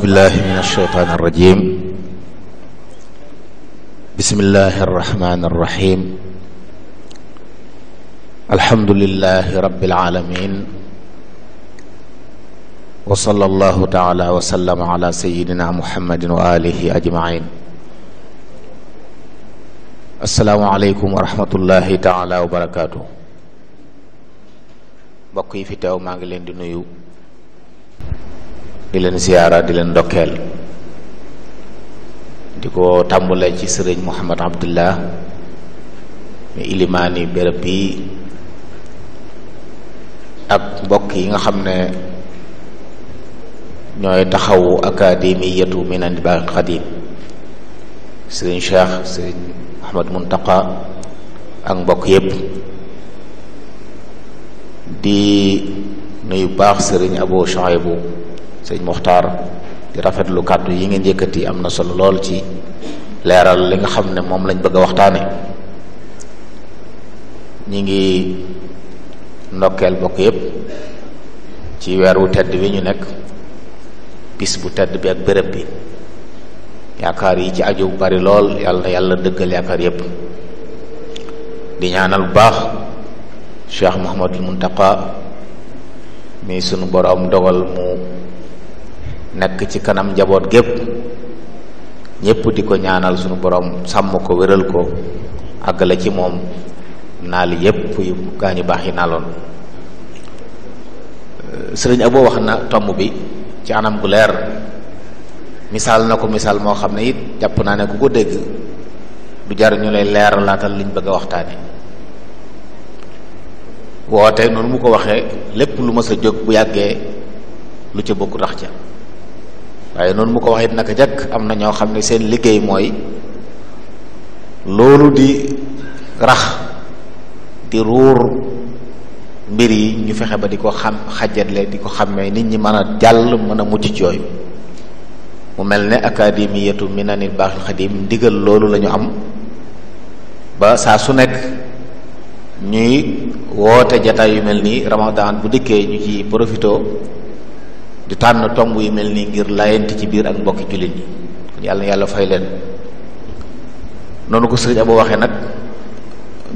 بالله من الشيطان الرجيم بسم الله الرحمن الرحيم الحمد لله رب العالمين وصلى الله تعالى وسلم على سيدنا محمد وآله أجمعين السلام عليكم ورحمة الله تعالى وبركاته بقي في تاو ماغلين دنيو di leen ziyaara di leen ndokkeel di ko tàmbale ci sëriñ Muhammad Abdullah mi ilimaani béréb bi ak mbokk yi nga xam ne ñooy taxawu akademiyatu Minane Baaqil Qadiim sëriñ Cheikh sëriñ Muhammad Muntaqa ak mbokk yépp di nuyu baax sëriñ Abu Chouaïbou sëñ mohtar di rafetlu kaddu yi ngeen yëkëti amna solo lool ci leeral li nga xam mom lañ bëgg a ñi ngi nokkel bokk yépp ci weer tedd wi ñu nek bis bu tedd bi ak bërepp bi yaakar yi ci aju bari lool yalla yalla dëggal di ñaanal bu baax Cheikh Muhammadul Muntaqa mi sunu borom dogal mu nek ci kanam njaboot gep ñepp diko ko ñaanal suñu borom sam ko wëral ko àggale ci mom naal yépp yu gañu baxi nalon euh, serigne abou waxna wax bi ci anam gu leer misal nako misal mo xamne it japp na ne ku ko deg du jar ñu lay leer laatal liñ bëgg a wote non mu ko waxe lepp lu ma sa jog bu yagge lu ci bokku rax ca waaye noonu mu ko wax it naka jëkk am na ñoo xam ne seen liggéey mooy loolu di rax di ruur mbir yi ñu fexe ba di ko xam xajatle di ko xàmmee nit ñi mën a jàll mën a mucc ci yooyu mu mel ne académiyatu minanil baaxil xadim ndigal loolu lañu am ba saa su nekk ñuy woote jataay yu mel nii ramadan bu dikkee ñu ci profito di tànn tomb yu mel nii ngir layante ci biir ak mbokki jullit ñi kon yàlla yàlla fay leen noonu ko sëriñ Abo waxee nag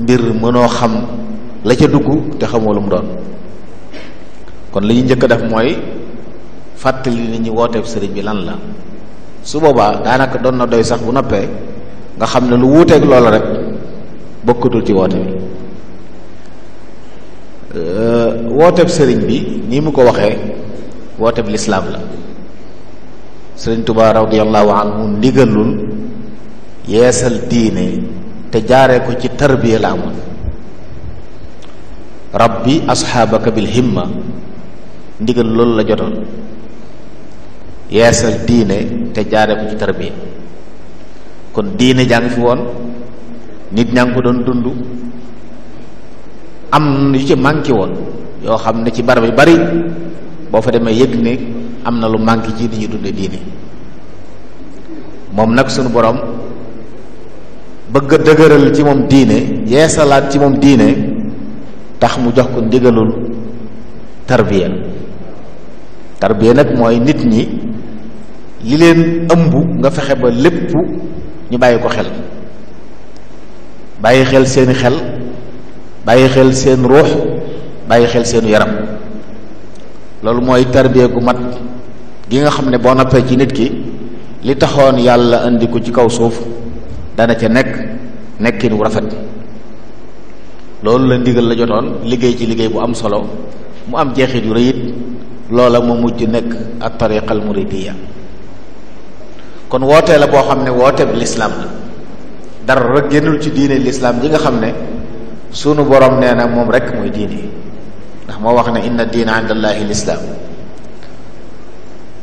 mbir mënoo xam la ca dugg te xamoo lu mu doon kon li ñu njëkk a def mooy fàttali nit ñi wooteeb sëriñ bi lan la su boobaa daanaka doon na doy sax bu noppee nga xam ne lu wuuteeg loola rek bokkatul ci woote bi wooteeb sëriñ bi nii mu ko waxee wooteeb lislaam la sëriñ Tuubaa radiyallahu anhu ndigalul yeesal diine te jaaree ko ci tarbiya la amoon rabbi asxaabaka bil himma ndigal loolu la jotoon yeesal diine te jaaree ko ci tarbiya kon diine jàng fi woon nit ñaa ngi ko doon dund am yu ci manqué woon yoo xam ne ci barab yu bari boo fa demee yëg ne am na lu manqué ci ni ñu dunde diine moom nag sunu boroom bëgg a dëgëral ci moom diine yeesalaat ci moom diine tax mu jox ko ndigalul tarbiya tarbiya nag mooy nit ñi li leen ëmb nga fexe ba lépp ñu bàyyi ko xel bàyyi xel seeni xel bàyyi xel seen ruux bàyyi xel seenu yaram loolu mooy tarbiya gu mat gi nga xam ne boo noppee ci nit ki li taxoon yàlla indi ko ci kaw suuf dana ca nekk nekkin wu rafet loolu la ndigal la jotoon liggéey ci liggéey bu am solo mu am jeexit yu rëyit loola mu mujj nekk at tariqal muridiya kon wootee la boo xam ne woote bi lislaam la dara génnul ci diine lislaam ji nga xam ne sunu borom nee na moom rek mooy diine moo wax ne inna diina indallahi lislaam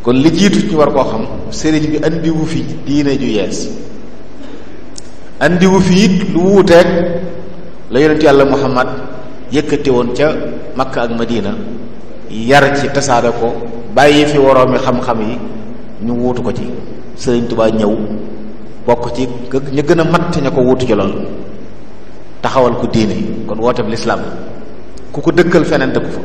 kon li jiitu ñu war koo xam sëriñ bi andiwu fi diine ju yees indiwu fi it lu wuuteeg la yonent yàlla muhammad yëkkati woon ca makka ak madina yar ci tasaare ko bàyyi fi woroomi xam-xam yi ñu wuutu ko ci sëriñ tubaa ñëw bokk ci ñu gën a mat ña ko wuutu ci lool taxawal ko diine kon wooteeb lislaam ku ko dëkkal feneen dëkku fa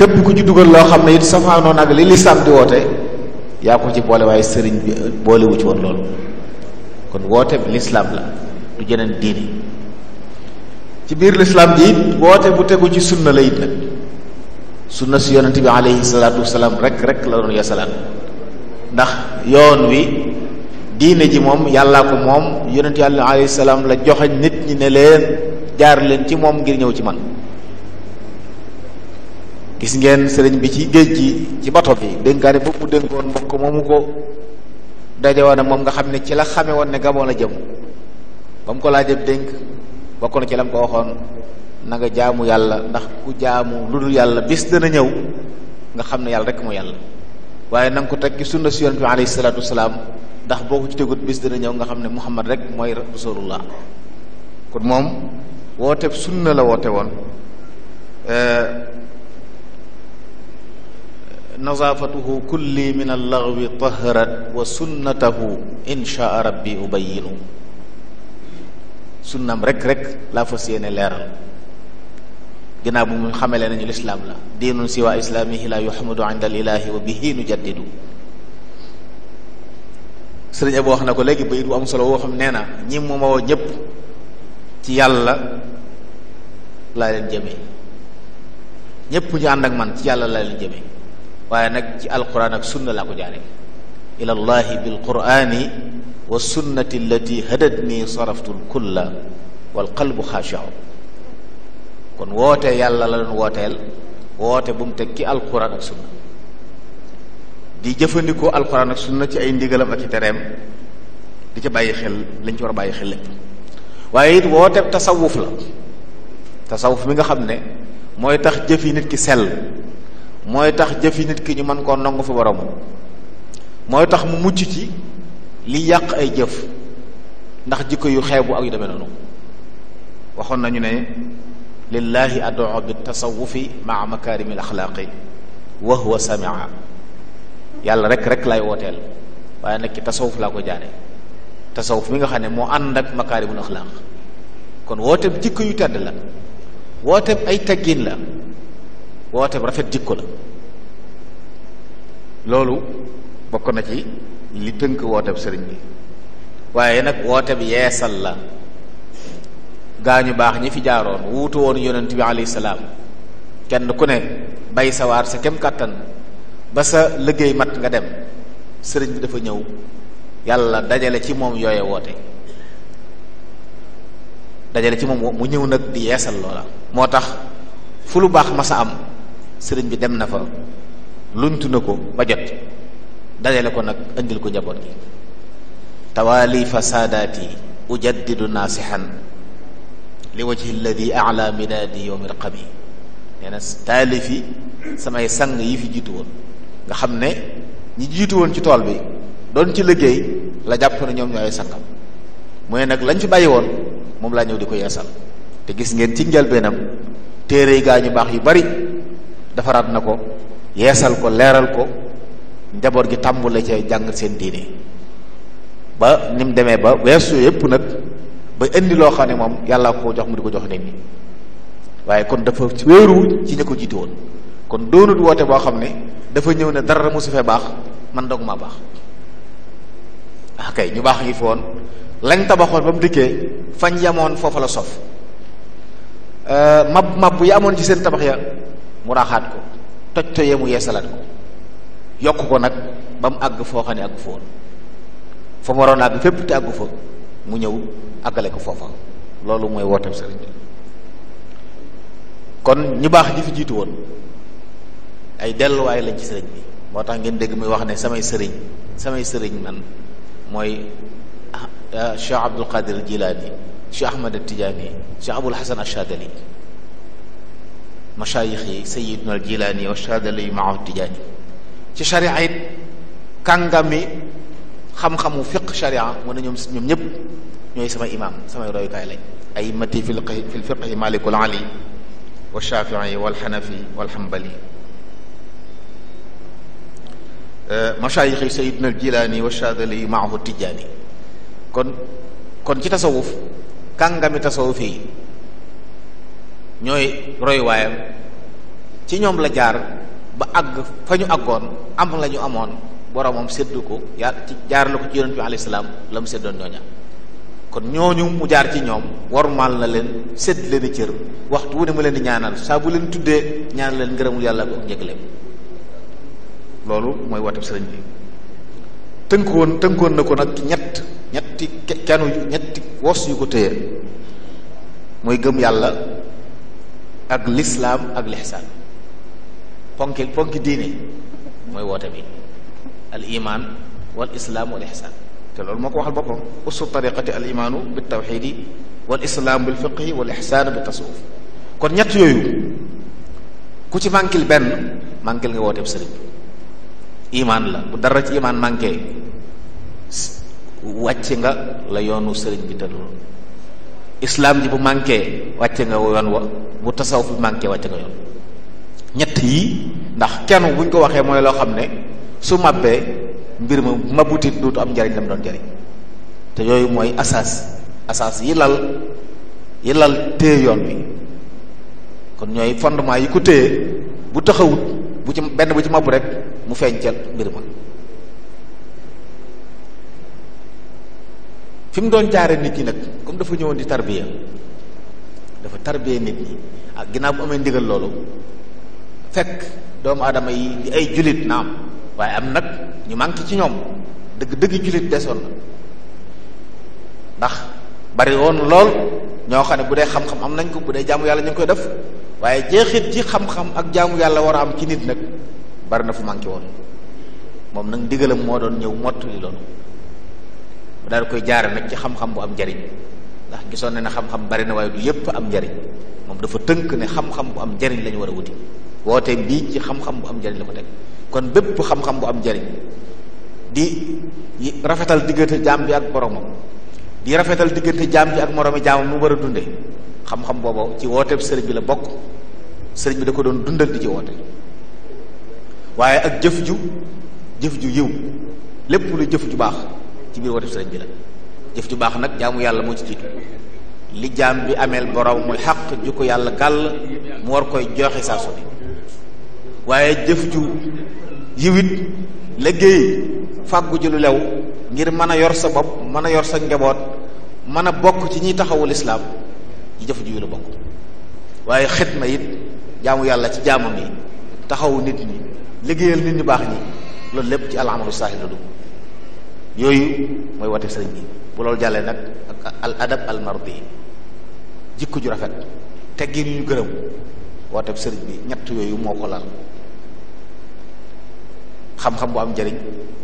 képp ku ci dugal loo xam ne it safaanoon ak li lislaam di woote yaa ci boole waaye sëriñ bi euh, boolewu ci woon loolu kon woote bi lislaam la du jeneen diini ci biir lislaam ji woote bu tegu ci sunna la it nag sunna si yonent bi aleyhi salaatu rek rek la doon yasalaat ndax yoon wi diine ji moom yàllaa ko moom yonent yàlla aleyhi salaam la joxe nit ñi ne leen jaar leen ci moom ngir ñëw ci man gis ngeen sëriñ bi ci géej gi ci bato bi dénkaane boobu mu dénkoon mbokk moomu ko daje moom nga xam ne ci la xame woon ne Gabon la jëm ba mu ko laajee dénk bokk na ci la ko waxoon na nga jaamu yàlla ndax ku jaamu lu dul yàlla bis dana ñëw nga xam ne yàlla rek mu yàlla waaye na ko teg ci sunna si yonent bi alayhi salaatu wasalaam ndax boo ko ci tegut bis dana ñëw nga xam ne Muhammad rek mooy rasulullah kon moom woote sunna la woote woon nazaafatuhu kulli min allaghwi taharat wa sunnatahu inshaa rabbi ubayinu sunnam rek rek la fas yéene leeral ginnaaw bu mu xamale nañu lislaam la diinun siwa islaamihi la yuhamadu inda al ilahi wa bihi jaddidu sëriñ Abo wax na ko léegi bayit bu solo woo xam nee na ñi mu ma woo ñëpp ci yàlla laa leen jëmee ñépp ñu ànd ak man ci yàlla laa leen jëmee waaye nag ci alquran ak sunna laa ko jaaree ila llahi bil qurani wa sunnati allati hadatni saraftu lkulla wal qalbu xaashiu kon woote yàlla la doon wooteel woote bu mu teg ci alquran ak sunna di jëfandikoo alquran ak sunna ci ay ndigalam ak i tereem di ca bàyyi xel lañ ci war bàyyi xel lépp waaye it wooteeb tasawuf la tasawuf mi nga xam ne mooy tax jëf yi nit ki sell mooy tax jëf yi nit ki ñu mën koo nangu fi borom mooy tax mu mucc ci li yàq ay jëf ndax jikko yu xeebu ak yu demee noonu waxoon nañu ne lillahi adu bi tasawufi maa makaarimi alaxlaaqi wa huwa samia yàlla rek rek lay wooteel waaye nag ci tasawuf laa ko jaane tasawuf mi nga xam ne moo ànd ak makaarimul axlaaq kon wooteeb jikk yu tedd la wooteeb ay teggin la wooteeb rafet jikko la loolu bokk na ci li tënk wooteeb sëriñ bi waaye nag wooteeb yeesal la gaa ñu baax ñi fi jaaroon wuutu woon yonent bi alayhi salaam kenn ku ne bay sawaar sa kem kàttan ba sa liggéey mat nga dem sëriñ bi dafa ñëw yàlla dajale ci moom yooye woote dajale ci moom mu ñëw nag di yeesal loola moo tax fu lu baax masa am sëriñ bi dem na fa luntu na ko ba jot dajale ko nag indil ko njaboot gi tawaali fasaadaati ujaddidu naasihan li wajhi alladi ala midaadi yowmil qami nee na taalifi samay sang yi fi jiitu woon nga xam ne ñi jiitu woon ci tool bi doon ci liggéey la jàpp ne ñoom ñooy sàkkam mu ne nag lañ fi bàyyi woon moom laa ñëw di ko yeesal te gis ngeen ci njëlbeenam téere yi gaa ñu baax yu bari defaraat na ko yeesal ko leeral ko njaboot gi tàmbule ci jàng seen diine ba ni mu demee ba weesu yépp nag ba indi loo xam ne moom yàlla ko jox mu di ko jox nit ñi waaye kon dafa wéeru ci ña ko jiite woon kon doonut woote boo xam ne dafa ñëw ne dara mosu fee baax man dog maa baax ah kay ñu baax ngi fi woon lañ tabaxoon ba mu dikkee fañ yamoon foofa la sof euh, mab mab yi amoon ci seen tabax ya mu raxaat ko toj toyee mu yeesalaat ko yokk ko nag ba mu àgg foo xam ne àgg foon fa mu waroon àgg fépp te àggu fa ñëw àggale ko foofa loolu mooy wooteeb sëriñ bi kon ñu baax ñi fi jiitu woon ay delluwaay lañ ci sëriñ bi moo tax ngeen dégg muy wax ne samay sëriñ samay sëriñ man mooy Cheikh Abdul Qadir Jilaani Cheikh Ahmad Tijaani Cheikh Abul Hasan Ashadali mashaayix yi Sayyidna al Jilaani wa Ashadali maahu Tijaani ci sharia it kàngami xam-xamu fiq sharia mu ne ñoom ñoom ñëpp ñooy sama imaam samay royukaay lañ ay mati fil fiqhi Malikul Ali wa Shafii wal Xanafi wal Xambali Euh, mashaayixi sayidna al jilaani wa shaadali maahu tijjaani kon kon ci tasawuf kàngami tasawuf yi ñooy roy waayam ci ñoom la jaar ba àgg fa ñu àggoon am la ñu amoon boromam séddu ko yaa ci jaar la ko ci yonent bi alayhi salaam la mu seddoon ñooña kon ñooñu mu jaar ci ñoom warmaal na leen sédd leen i cër waxtu wu ne mu leen di ñaanal saa bu leen tuddee ñaanal leen ngërëmul yàlla ko njëgaleem loolu mooy watab sëriñ bi tënkoon tënkoon na ko nag ñett ñetti kenu ñetti wos yu ko téye mooy gëm yàlla ak lislaam ak lixsaan ponki ponki diine mooy woote bi al iman wal islaam wal ixsaan te loolu moo ko waxal boppam usul tariqati al imaanu bi tawxiidi wal islaam fiqhi wal bi tasawuf kon ñett yooyu ku ci mànkil benn mànkil nga wooteeb sëriñ imaan la bu dara ci imaan manqué wàcc nga la yoonu sëriñ bi tëdloon islaam ji bu manqué wàcce nga yoon wa bu tasaw manqué wàcce nga yi ndax kenn buñ ko waxee mooy loo xam ne su mabbee mbir ma mabutit duutu am njariñ la doon njariñ te yooyu mooy asaas asaas yi lal yi lal yoon bi ñooy fondement yi ko bu taxawut bu ci benn bu ci mabbu rek mu fencal mbir ma fi mu doon jaare nit ñi nag comme dafa ñëwoon di tarbiya dafa tarbiya nit ñi ak ah, ginnaaw bu amee ndigal loolu fekk doomu aadama yi di ay jullit am waaye am nag ñu manqué ci ñoom dëgg dëgg jullit desoon na ndax bari woon lool ñoo xam ne bu dee xam-xam am nañ ko bu dee jaamu yàlla ñu ngi koy def waaye jeexit ci xam-xam ak jaamu yàlla war a am ci nit nag bari na fu manqué woon moom nag ndigalam moo doon ñëw mott li loolu mu daal koy jaare nag ci xam-xam bu am njariñ ndax gisoon na ne xam-xam bari na waaye du yépp am njariñ moom dafa tënk ne xam-xam bu am njariñ lañu war a wuti woote bii ci xam-xam bu am njariñ la ko teg kon bépp xam-xam bu am njariñ di rafetal diggante jaam bi ak boromam di rafetal diggante jaam bi ak moromi jaamam mu war dunde xam-xam boobu ci wooteeb sëriñ bi la bokk sëriñ bi da doon dundal di ci woote waaye ak jëf ju jëf ju yiw lépp lu jëf ju baax ci biir wateb sëriñ la jëf ju baax nag jaamu yàlla moo ci jiitu li jaam bi ameel borom muy xaq ju ko yàlla gàll mu war koy joxe saa su waaye jëf ju yiwit liggéey fàggu lu lew ngir mën a yor sa bopp mën a yor sa njaboot mën a bokk ci ñiy taxawu lislaam yi jëf ju yiw la bokk waaye xitma it jaamu yàlla ci jaamam yi taxawu nit ñi liggéeyal nit ñu baax ñi loolu lépp ci al amalu saalih dugg yooyu mooy wate sëriñ bi bu loolu jàllee nag ak al adab al mardi jikko ju rafet teggin yu ñu gërëm wooteeb sëriñ bi ñett yooyu moo ko lal xam-xam bu am njariñ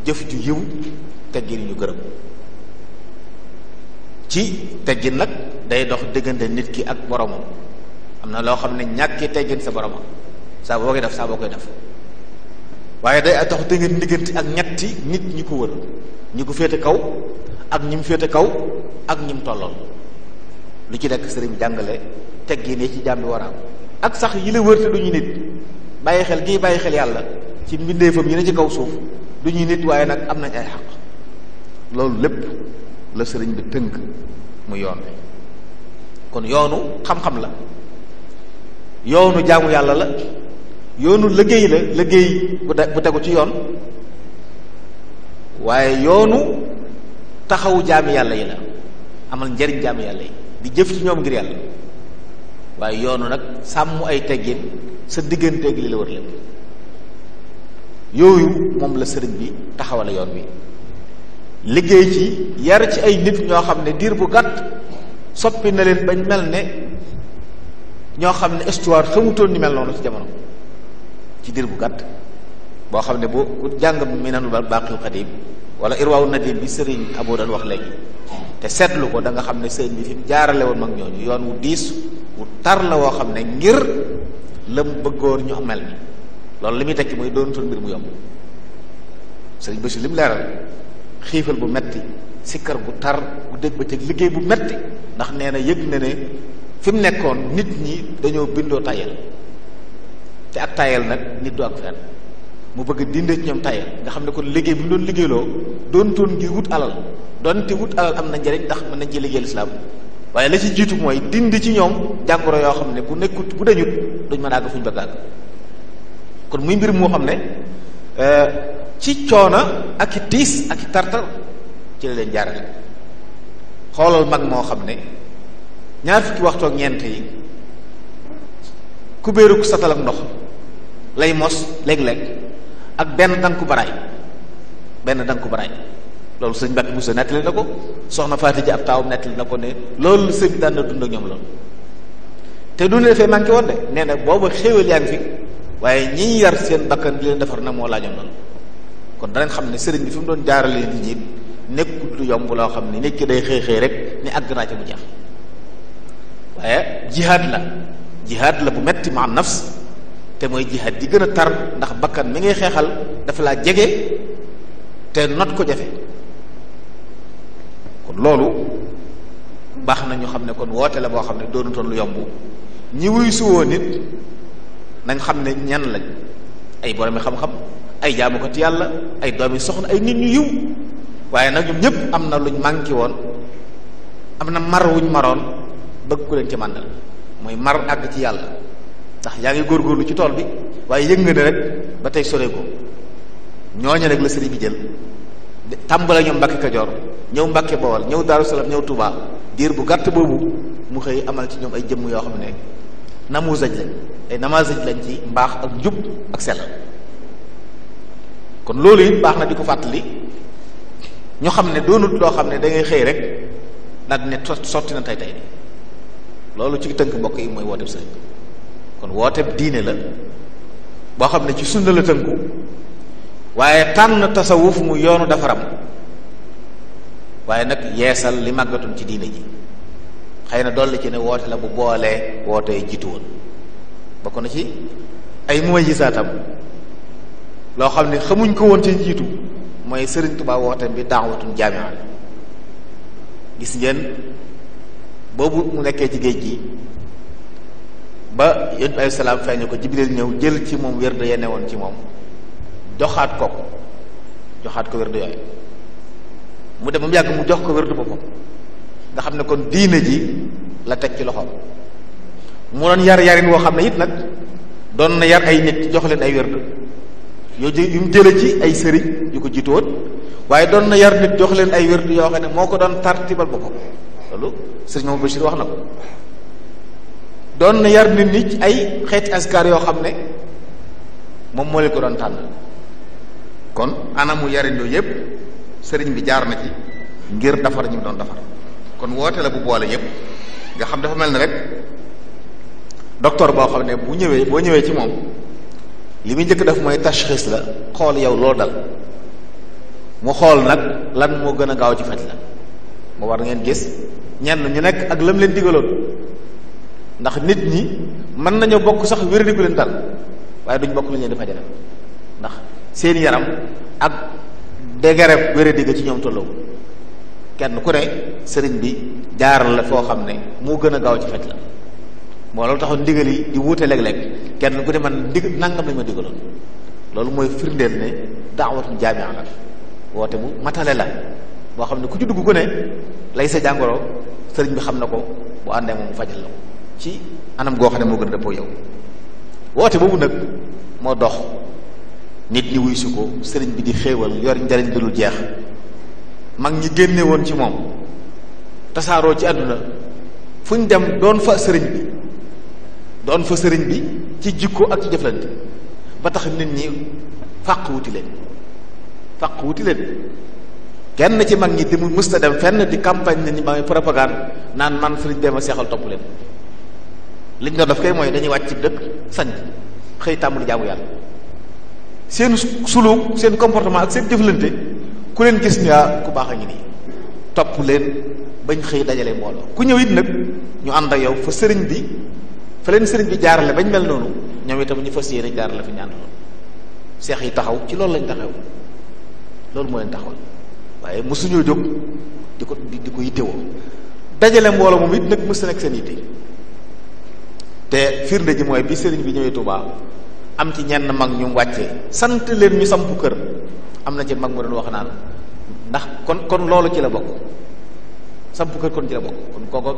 jëf ju yiw teggin yu ñu gërëm ci teggin nag day dox diggante nit ki ak boromam am na loo xam ne ñàkki teggin sa boromam saa boo koy def saa boo koy def waaye day tax da ngeen diggante ak ñetti nit ñi ko wër ñi ko féete kaw ak ñi mu féete kaw ak ñi mu tolloon lu ci nekk sëriñ jàngale teggee ne ci jàmbi waraam ak sax yi la wër te du ñu nit bàyyi xel gii bàyyi xel yàlla ci mbindeefam yi ne ci kaw suuf du ñuy nit waaye nag am nañ ay xaq loolu lépp la sëriñ bi tënk mu yoon kon yoonu xam-xam la yoonu jaamu yàlla la yoonu liggéey la liggéey bu bu tegu ci yoon waaye yoonu taxawu jaami yàlla yi la amal njariñ jaami yàlla yi di jëf ci ñoom ngir yàlla waaye yoonu nag sàmm ay teggin sa digganteeg li la wër lépp yooyu moom la sëriñ bi taxawale yoon wi liggéey ci yar ci ay nit ñoo xam ne diir bu gàtt soppi na leen bañ mel ne ñoo xam ne histoire xamutoon ni mel noonu ci jamono ci diir bu gàtt boo xam ne bu ku jàng Minanul baax Qadiim wala Irwaawu Nadiim bi sëriñ Aboo daan wax léegi te seetlu ko danga xam ne sëriñ bi fi mu jaarale woon mag ñooñu yoon wu diis wu tar la woo xam ne ngir la mu ñu mel ni loolu li muy tekki mooy doonatul mbir mu yomb sëriñ leeral xiifal bu metti sikkar gu tar bu dégg ba cëg liggéey bu metti ndax nee na yëg na ne fi mu nekkoon nit ñi dañoo bindoo tayal te ak tayal nag nit du ak fen mu bëgg dind ci ñoom tayal nga xam ne kon liggéey bi mu doon liggéeyloo doon toon ngir wut alal doonte wut alal am na njëriñ ndax mën nañ ci liggéey lislaam waaye la ci jiitu mooy dind ci ñoom jàngoro yoo xam ne bu nekkut bu dañut duñ mën a àgg fuñ bëgg àgg kon muy mbir moo xam ne euh, ci coono ak i tiis ak i tartar ci la leen jaarale xoolal mag moo xam ne ñaar fukki waxtu ak ñeent yi kubéeruk satal ak ndox lay mos léeg-léeg ak benn danku baraay benn danku baraay loolu sëñ Mbàkke Buso nettali na ko soxna Faati ji ab taawam nettali na ko ne loolu sëñ bi daan ñoom loolu te du ne dafay manqué woon de nee na booba xéewal yaa ngi fi waaye ñi yar seen bakkan di leen defar na moo laajoon loolu kon danañ xam ne sëriñ bi fim doon jaaralee nit ñi nekkul lu yomb loo xam ne nit ki day xëy xëy rek ni àgg naa ci mu jeex waaye jihaad la jihaad la bu metti ma te mooy jihaad di gën a tar ndax bakkan mi ngay xeexal dafa laa jege te not ko jafe kon loolu baax na ñu xam ne kon woote la boo xam ne doonutoon lu yomb ñi wuy suwoo nit nañ xam ne ñan lañ ay boromi xam-xam ay ci yàlla ay doomi soxla ay nit ñu yiw waaye nag ñoom ñëpp am na luñ manqué woon am na mar wuñ maroon bëgg ku leen ci màndal mooy mar àgg ci yàlla ndax yaa ngi góorlu ci tool bi waaye yëg nga ne rek ba tey sore ko ñooñu rek la sëriñ bi jël tàmbale ñoom Mbàkke Kajoor ñëw Mbàkke Bawol ñëw Daaru Salaam ñëw Touba diir bu gàtt boobu mu xëy amal ci ñoom ay jëmm yoo xam ne namuusaj lañ ay namaasaj lañ ci mbaax ak njub ak sell kon loolu it baax na di ko fàttali ñu xam ne doonut loo xam ne dangay xëy rek daal di ne sotti na tey tey loolu ci tënk mbokk yi mooy wooteeb sëriñ kon wooteeb diine la boo xam ne ci sunna la tënku waaye tànn tasawuf mu yoonu defaram waaye nag yeesal li màggatoon ci diine ji xëy na dolli ci ne woote la bu boolee wootee jiitu woon bokk na ci ay mumayisaatam loo xam ne xamuñ ko woon ci jiitu mooy Sëriñ Tuubaa wooteem bi daawatun jaamia gis ngeen boobu mu nekkee ci géej gi ba yonent bi alayhi salaam feeñu ko jibril ñëw jël ci moom wérde ya newoon ci moom joxaat ko joxaat ko wérde yooyu mu dem mu yàgg mu jox ko wérde boppam nga xam ne kon diine ji la teg ci loxoom mu doon yar yarin woo xam ne it nag doon na yar ay nit ci jox leen ay wérde yoo yu mu jële ci ay sëriñ yu ko jiitu waaye doon na yar jox leen ay wérde yoo xam ne moo ko doon tartibal boppam loolu sëriñ moom Bachir wax na ko doon na yar nit ñi ci ay xeeti askar yoo xam ne moom moo leen ko doon tànn kon anamu yarin yooyu yëpp sëriñ bi jaar na ci ngir defar ñu doon defar kon woote la bu boole yëpp nga xam dafa mel ne rek docteur boo xam ne bu ñëwee boo ñëwee ci moom li muy njëkk def mooy tashxis la xool yow loolu dal mu xool nag lan moo gën a gaaw ci faj la mu war ngeen gis ñenn ñu nekk ak lam leen digaloon ndax nit ñi mën nañoo bokk sax wér gu leen dal waaye duñ bokk lu ñuy dafa jare ndax seen yaram ak dégareb wér ga ci ñoom tolloo kenn ku ne sëriñ bi jaaral la foo xam ne moo gën a gaaw ci faj la moo loolu taxoon ndigal yi di wuute léeg-léeg kenn ku ne man dig nangam lañ ma digaloon loolu mooy firndeel ne daawatul jaamia la woote bu matale la boo xam ne ku ci dugg ku ne lay sa jàngoro sëriñ bi xam na ko bu àndee moom mu fajal la ko ci anam goo xam ne moo gën a dëppoo yow woote boobu nag moo dox nit ñi wuy ko sëriñ bi di xéewal yor njariñ lu jeex mag ñi génne woon ci moom tasaaroo ci àdduna fu ñu dem doon fa sëriñ bi doon fa sëriñ bi ci jikko ak ci jëflante ba tax nit ñi fàq wuti leen fàq wuti leen kenn ci mag ñi di mu mës ta dem fenn di campagne nit ñi ba propagande naan man sëriñ bee ma seexal topp leen liñ doon def kay mooy dañuy wàcc ci dëkk sañ xëy tàmbali jaamu yàlla seen suluk seen comportement ak seen jëflante ku leen gis ni ah, ku baax a ngi nii topp leen bañ xëy dajale mbooloo ku ñëw it nag ñu ànd ak yow fa sëriñ bi fa leen sëriñ bi jaarale bañ mel noonu ñoom itam ñu fas yéene jaarale fi ñu ànd loolu seex yi taxaw ci loolu lañ taxaw loolu moo leen taxawal waaye mosuñoo jóg di ko di ko yittewoo dajale mbooloo moom it nag mës na nekk seen yitte. te firnde ji mooy bi sëriñ bi ñëwee Touba am ci ñenn mag ñu wàccee sant leen ñu sampu kër am na ci mag mu doon wax naan ndax kon kon loolu ci la bokk sampu kër kon ci la bokk kon kooko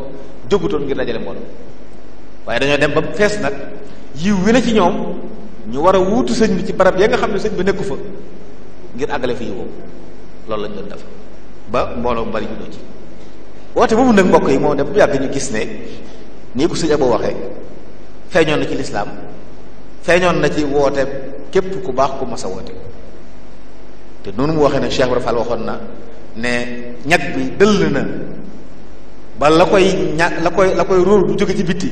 jógutoon ngir dajale mbooloo waaye dañoo dem ba fees nag yiw wi na ci ñoom ñu war a wuutu sëñ bi ci barab ya nga xam ne sëñ bi nekku fa ngir àggale fi yiwoo loolu lañ doon def ba mbooloo bari ñu ci woote boobu nag mbokk yi moo dem bu yàgg ñu gis ne nii ko sëñ Abo waxee feeñoon na ci lislaam feeñoon na ci woote képp ku baax ku mas a woote te noonu mu waxee ne Cheikh Ibra Fall waxoon na ne ñag bi dëll na ba la koy ña la koy la koy róor du jóge ci bitti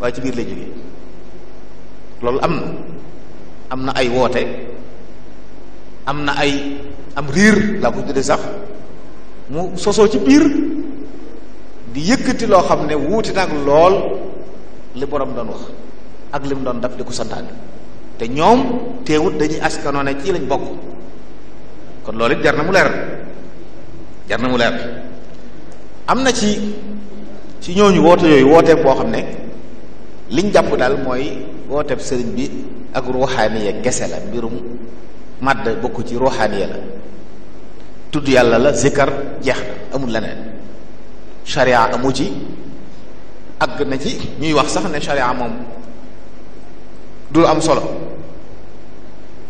waaye ci biir lay jóge lol am na am na ay woote am na ay am riir laa ko tuddee sax mu sosoo ci biir di yëkkati lo xam ne wuuti nag lool li borom doon wax ak li mu doon daf di ko santaane te ñoom teewut dañuy askanoo ne ci lañ bokk kon loolu it jar na mu leer jar na mu am na ci ci ñooñu woote yooyu wooteeb boo xam ne liñ jàpp daal mooy wooteeb sëriñ bi ak ruuxaaniya gese la mbirum màdd bokk ci ruuxaaniya la tudd yàlla la zikkar jeex na amul leneen sharia amu ci àgg na ci ñuy wax sax ne charia moom du am solo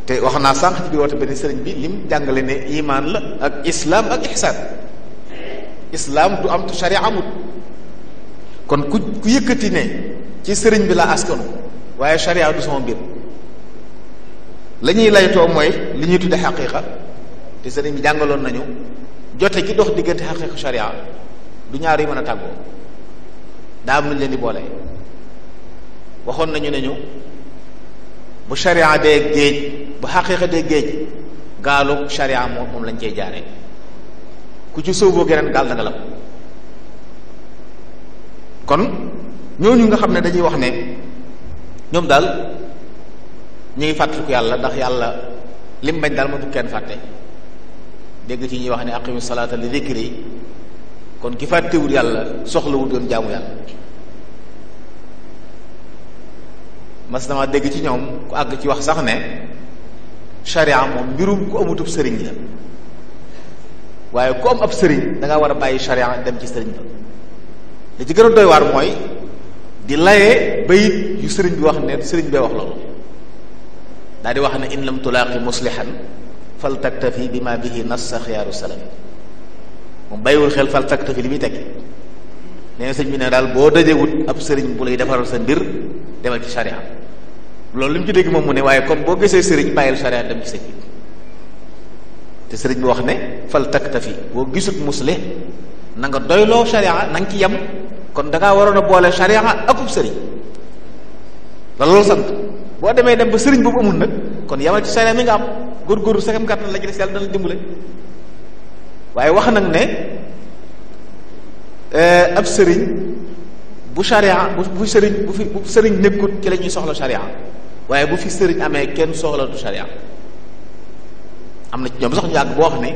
te wax naa sànq ci biir woote benn sëriñ bi lim jàngale ne imaan la ak islaam ak ihsaan islaam du am tu charia kon ku ku yëkkati ne ci sëriñ bi laa askanu waaye charia du sama mbir la ñuy laytoo mooy li ñuy tudde xaqiqa te sëriñ bi jàngaloon nañu jote gi dox diggante xaqiqa charia du ñaar mën a tàggoo daa am lu leen di boole waxoon nañu ne ñu bu sharia dee géej bu xaqiiqa dee géej gaalu sharia moom moom lañ cey jaaree ku ci sóoboo geneen gaal da nga lab kon ñooñu nga xam ne dañuy wax ne ñoom daal ñu ngi fàttaliku yàlla ndax yàlla lim bañ daal ma du kenn fàtte dégg ci ñuy wax ne aqimu salaata li dikri kon ki fàttewul yàlla soxlawul doon jaamu yàlla mas dama dégg ci ñoom ku àgg ci wax sax ne charia moom mbirum ku amutub sëriñ la waaye ku am ab sëriñ da nga war a bàyyi charia dem ci sëriñ ba li ci gën a doy waar mooy di laye bayit yu sëriñ bi wax ne sëriñ bee wax loolu daal di wax ne in lam tulaaqi muslihan fal taktafi bi ma bihi nassa xiyaaru salami moom bàyyiwul xel falsafta fi li muy tekki nee sëñ bi ne daal boo dajewut ab sëriñ bu lay defaral sa mbir demal ci charia loolu li mu ci dégg moom mu ne waaye kon boo gisee sëriñ bàyyil charia dem ci bi te sëriñ bi wax ne fal taktafi boo gisut musle na nga doyloo charia na ci yem kon da ngaa waroon a boole charia akub sëriñ la loolu sant boo demee dem ba sëriñ boobu amul nag kon yemal ci charia mi nga am góorgóorlu sa kem kàttan la ci des yàlla dana la waaye wax nag ne euh, ab sëriñ bu charia bu sëriñ bu fi bu sëriñ nekkut ci lañuy soxla charia waaye bu fi sëriñ amee kenn soxla du charia am na ci ñoom sax ñu yàgg boo wax ne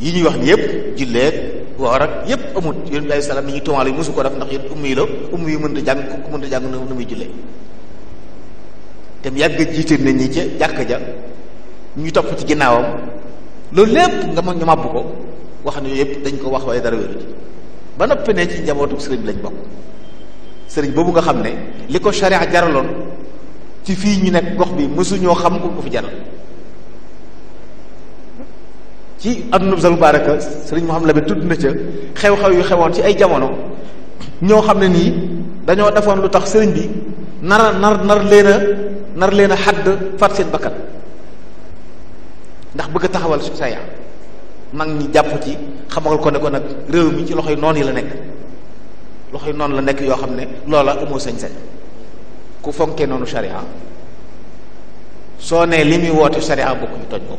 yi ñuy wax ni yëpp julleeg woor ak yëpp amut yonent bi alayhi salaam ni ñu tumaal yi ko def ndax yéen ummi yi la ummi yi mënta jàng ku mënta jàng na muy jullee te mu yàgg jiite nit ci ca jàkk ja ñu topp ci ginnaawam loolu lépp nga ma ñu màbb ko wax ne yëpp dañ ko wax waaye dara wéru ci ba noppi ne ci njabootu sëriñ bi lañ bokk sëriñ boobu nga xam ne li ko sharia jaraloon ci fii ñu nekk gox bi ñoo xam ko ko fi jaral ci adduna bi sa mubaaraka sëriñ Mouhamed Lamine tudd na ca xew-xew yu xewoon ci ay jamono ñoo xam ne nii dañoo defoon lu tax sëriñ bi nar nar nar leen nar leen a xadd faat seen bakkan ndax bëgg a taxawal su saya nag ñi jàpp ci xamal ko ne ko nag réew mi ci loxo yi noon yi la nekk loxo yi noonu la nekk yoo xam ne loola amoo sañ-sañ ku fonkee noonu sharia soo nee li muy woote sharia bokk ñu toj ko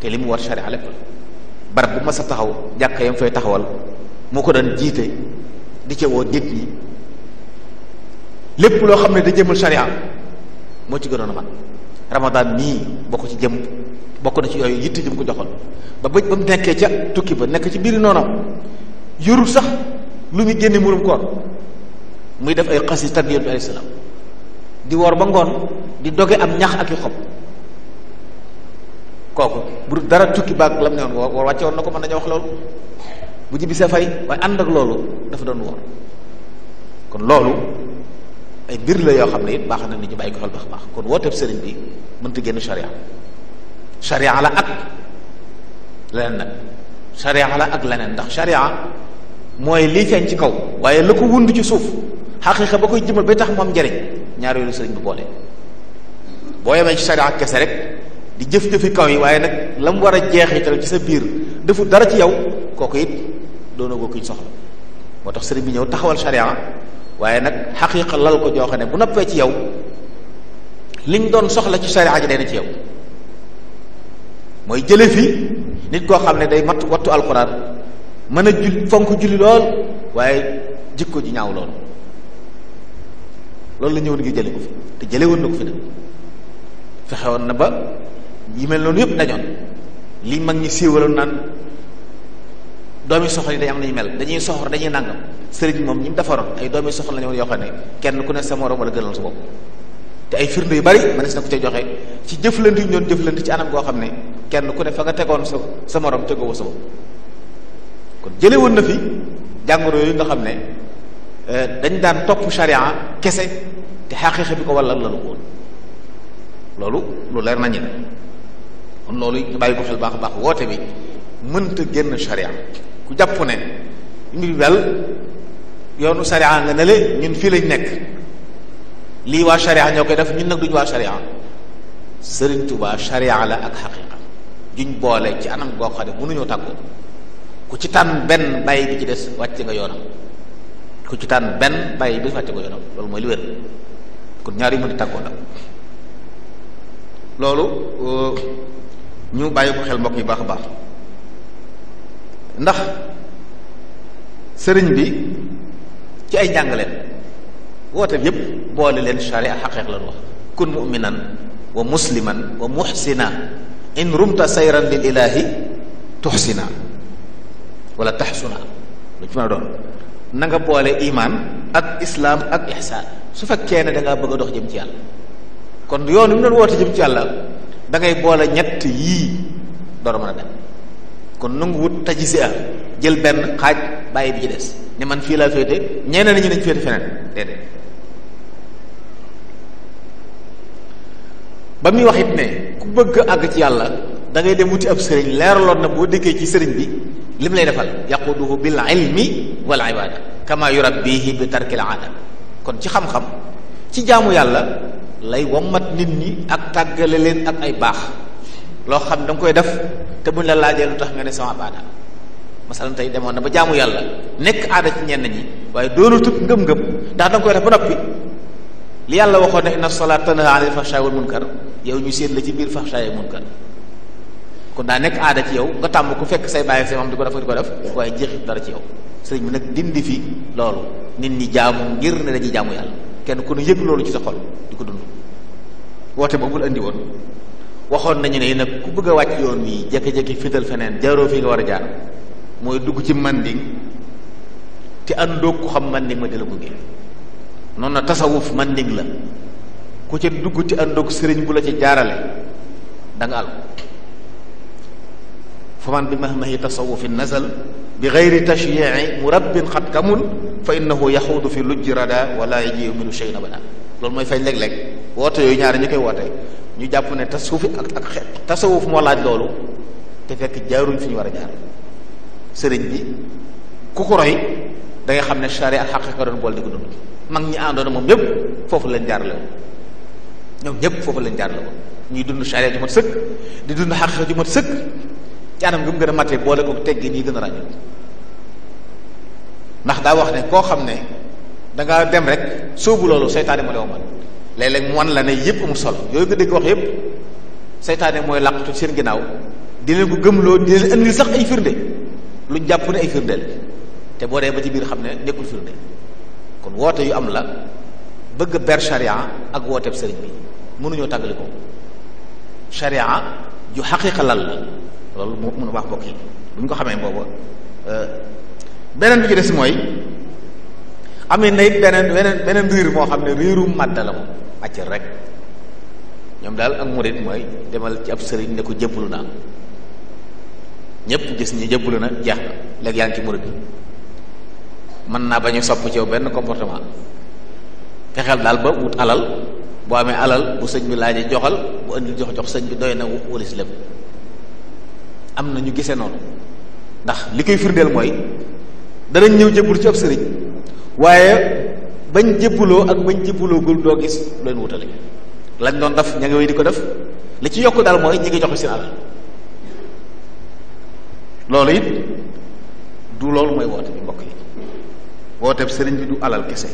te li mu woote sharia lépp la barab bu ma sa taxaw jàkka yam fay taxawal moo ko doon jiite di ca woo nit lépp loo xam ne da jëmal sharia moo ci gënoon a mag ramadan mii bokk ci jëm bokk na ci yooyu yitt jëm ko joxoon ba bëj ba mu nekkee ca tukki ba nekk ci biir noonam yorul sax lu muy génne murum koor muy def ay xas yi tarbiya bi alayhi salaam di woor ba ngoon di doge am ñax ak i xob kooku bu dara tukki baag lam ne woon woor wàcce woon na ko mën nañu wax loolu bu ñibbisee fay waaye ànd ak loolu dafa doon woor kon loolu ay mbir la yoo xam ne it baax na nit ñu bàyyi ko xel baax baax kon wooteeb sëriñ bi mënta génn charia charia la ak leneen nag charia la ak leneen ndax charia mooy lii feeñ ci kaw waaye la ko wund ci suuf xaqiiqa ba koy jëmal ba tax moom njariñ ñaar yooyu sëriñ bi boole boo yemee ci charia kese rek di jëf-jëfi kaw yi waaye nag la mu war a jeexital ci sa biir deful dara ci yow kooku it doona ko kuñ soxla moo tax sëriñ bi ñëw taxawal charia waaye nag xaqiiqa lal ko jooxe ne bu noppee ci yow liñ doon soxla ci sariya ji dana ci yow mooy jële fi nit koo xam ne day matt wattu alxuraan mën a jul fonk julli lool waaye jikko ji ñaaw lool loolu la ñëwoon ngir jële ko fi te jële woon na ko fi nag fexewoon na ba yi mel noonu yëpp dañoon li mag ñi siiwaloon naan doomi soxla yi day am nañu mel dañuy soxor dañuy nangam sëriñ moom ñi mu defaroon ay doomi soxla lañu yoo xam ne kenn ku ne sa morom wala gënal sa bopp te ay firnde yu bari mënees na ko ca joxe ci jëflante yu ñoon jëflante ci anam goo xam ne kenn ku ne fa nga tegoon sa sa morom tegoo sa bopp kon jële woon na fi jàngoro yooyu nga xam ne euh, dañ daan topp charia kese te xaqiiqa bi ko walla la lu woon loolu lu leer nañu ne kon loolu ñu bàyyi ko xel baax a baax woote bi mënta génn charia ku jàpp ne mbir bi daal yoonu sariya nga ne ñun fii lañ nekk lii waa sariya ñoo koy def ñun nag duñu waa sariya sëriñ Tuubaa sariya la ak xaqiiqa juñ boole ci anam goo xam ne mënuñoo tàggoo ku ci tànn benn bàyyi bi ci des wàcce nga yoonam ci tànn benn bàyyi bi wàcce nga loolu mooy li wér kon ñaar yi la loolu euh, ñu bàyyi ko xel mbokk yi baax a baax ndax sering bi ci ay jàngaleen woote yeb boole len sharia haqiq la wax kun muminan wa musliman wa muhsina in rumta sayran lil ilahi tuhsina wala tahsuna lu ci ma na nga boole iman ak islam ak ihsan su fekkee ne da nga bëgg dox jëm ci yalla kon yoonu ñu doon jëm ci yalla da ngay boole ñett yi dem kon nanguwut tajisi a jël benn xaaj bàyyi bi ci des ni man fii laa féete ñeneen ñi dañ féete feneen déedéet ba muy wax it ne ku bëgg àgg ci yàlla dangay ngay dem wuti ab sëriñ leeraloon na boo dikkee ci sëriñ bi lim lay defal yaquduhu bil ilmi wal ibada kama yurabbihi bi tarkil aada kon ci xam-xam ci jaamu yàlla lay wommat nit ñi ak tàggale leen ak ay baax loo xam ne da koy def te buñ la laajee lu tax nga ne sama baada masalan tey demoon na ba jaamu yàlla nekk aada ci ñenn ñi waaye doonul tut ngëm-ngëm ndax da koy def ba noppi li yàlla waxoon ne inna salaata tanha anil fahshaai wal munkar yow ñu seet la ci biir fahshaai munkar kon daa nekk aada yow nga tàmm ku fekk say bàyyi say maam di ko def waaye jeexit dara ci yow sëriñ bi nag dindi fi loolu nit ñi jaamu ngir ne dañuy kenn ku ne yëg loolu ci sa xol di ko dund woote boobu la andi woon waxoon nañu ne nag ku bëgg a wàcc yoon wi jékki-jékki fital feneen jaaroo fi nga war a jaar mooy dugg ci manding te àndoo ku xam manding ma di la gunge noonu na tasawuf manding la ku ca dugg te àndoo sëriñ bu la ci jaarale da nga àll fa man bi mahmahi tasawufin nazal bi gayri tashyi'i murabbin xat kamul fa innahu yaxuudu fi lujji rada wala yajiu minu shay'in abada loolu mooy feeñ léeg-léeg woote yooyu ñaari ñu koy woote ñu jàpp ne tasawuf ak ak xeet tasawuf moo laaj loolu te fekk jaaruñ fi ñu war a jaar sëriñ bi ku ko roy da nga xam ne charia ak xaqiqa doon bool di ko dund mag ñi àndoon moom ñëpp foofu lañ jaarale woon ñoom foofu lañ jaarale ñuy dund charia ju mat sëkk di dund xaqiqa ju mat sëkk ci gi mu gën a matee boole ko teggee ñuy gën a ràññu ndax daa wax ne koo xam ne da nga dem rek sóobu loolu seytaane ma lew man léeg-léeg mu wan la ne yépp amul solo yooyu nga dégg wax yépp seytaane mooy làqatu seen ginnaaw di leen ko gëmloo di leen andil sax ay firnde lu jàpp ne ay firndeel te boo dee ba ci biir xam ne nekkul firnde kon woote yu am la bëgg ber charia ak wooteeb sëriñ bi mënuñoo tàggali ko charia ju xaqiqa lal la loolu moo mën a wax bokk yi bu ñu ko xamee booba euh, beneen bi ci des mooy amee na it beneen beneen beneen riir moo xam ne riirum màdda la moom rek ñoom daal ak murit mooy demal ci ab sëriñ ne ko jëbbalu naa ñëpp gis ñi jëbbalu na jeex na léegi yaa ngi naa bañu sopp benn comportement fexeel daal ba wut alal boo amee alal sëñ bi laajee joxal bu jox jox sëñ bi doy na walis lépp am na ñu gisee noonu ndax li koy firndeel mooy danañ ñëw jëbbul ci ab sëriñ waaye bañ jëbbuloo ak bañ jëbbuloo gul doo gis leen wutale lañ doon def ña ngi wéy di ko def li ci yokk daal mooy ñi ngi joxe seen alal loolu it du loolu mooy woote bi mbokk yi wooteeb sëriñ bi du alal kese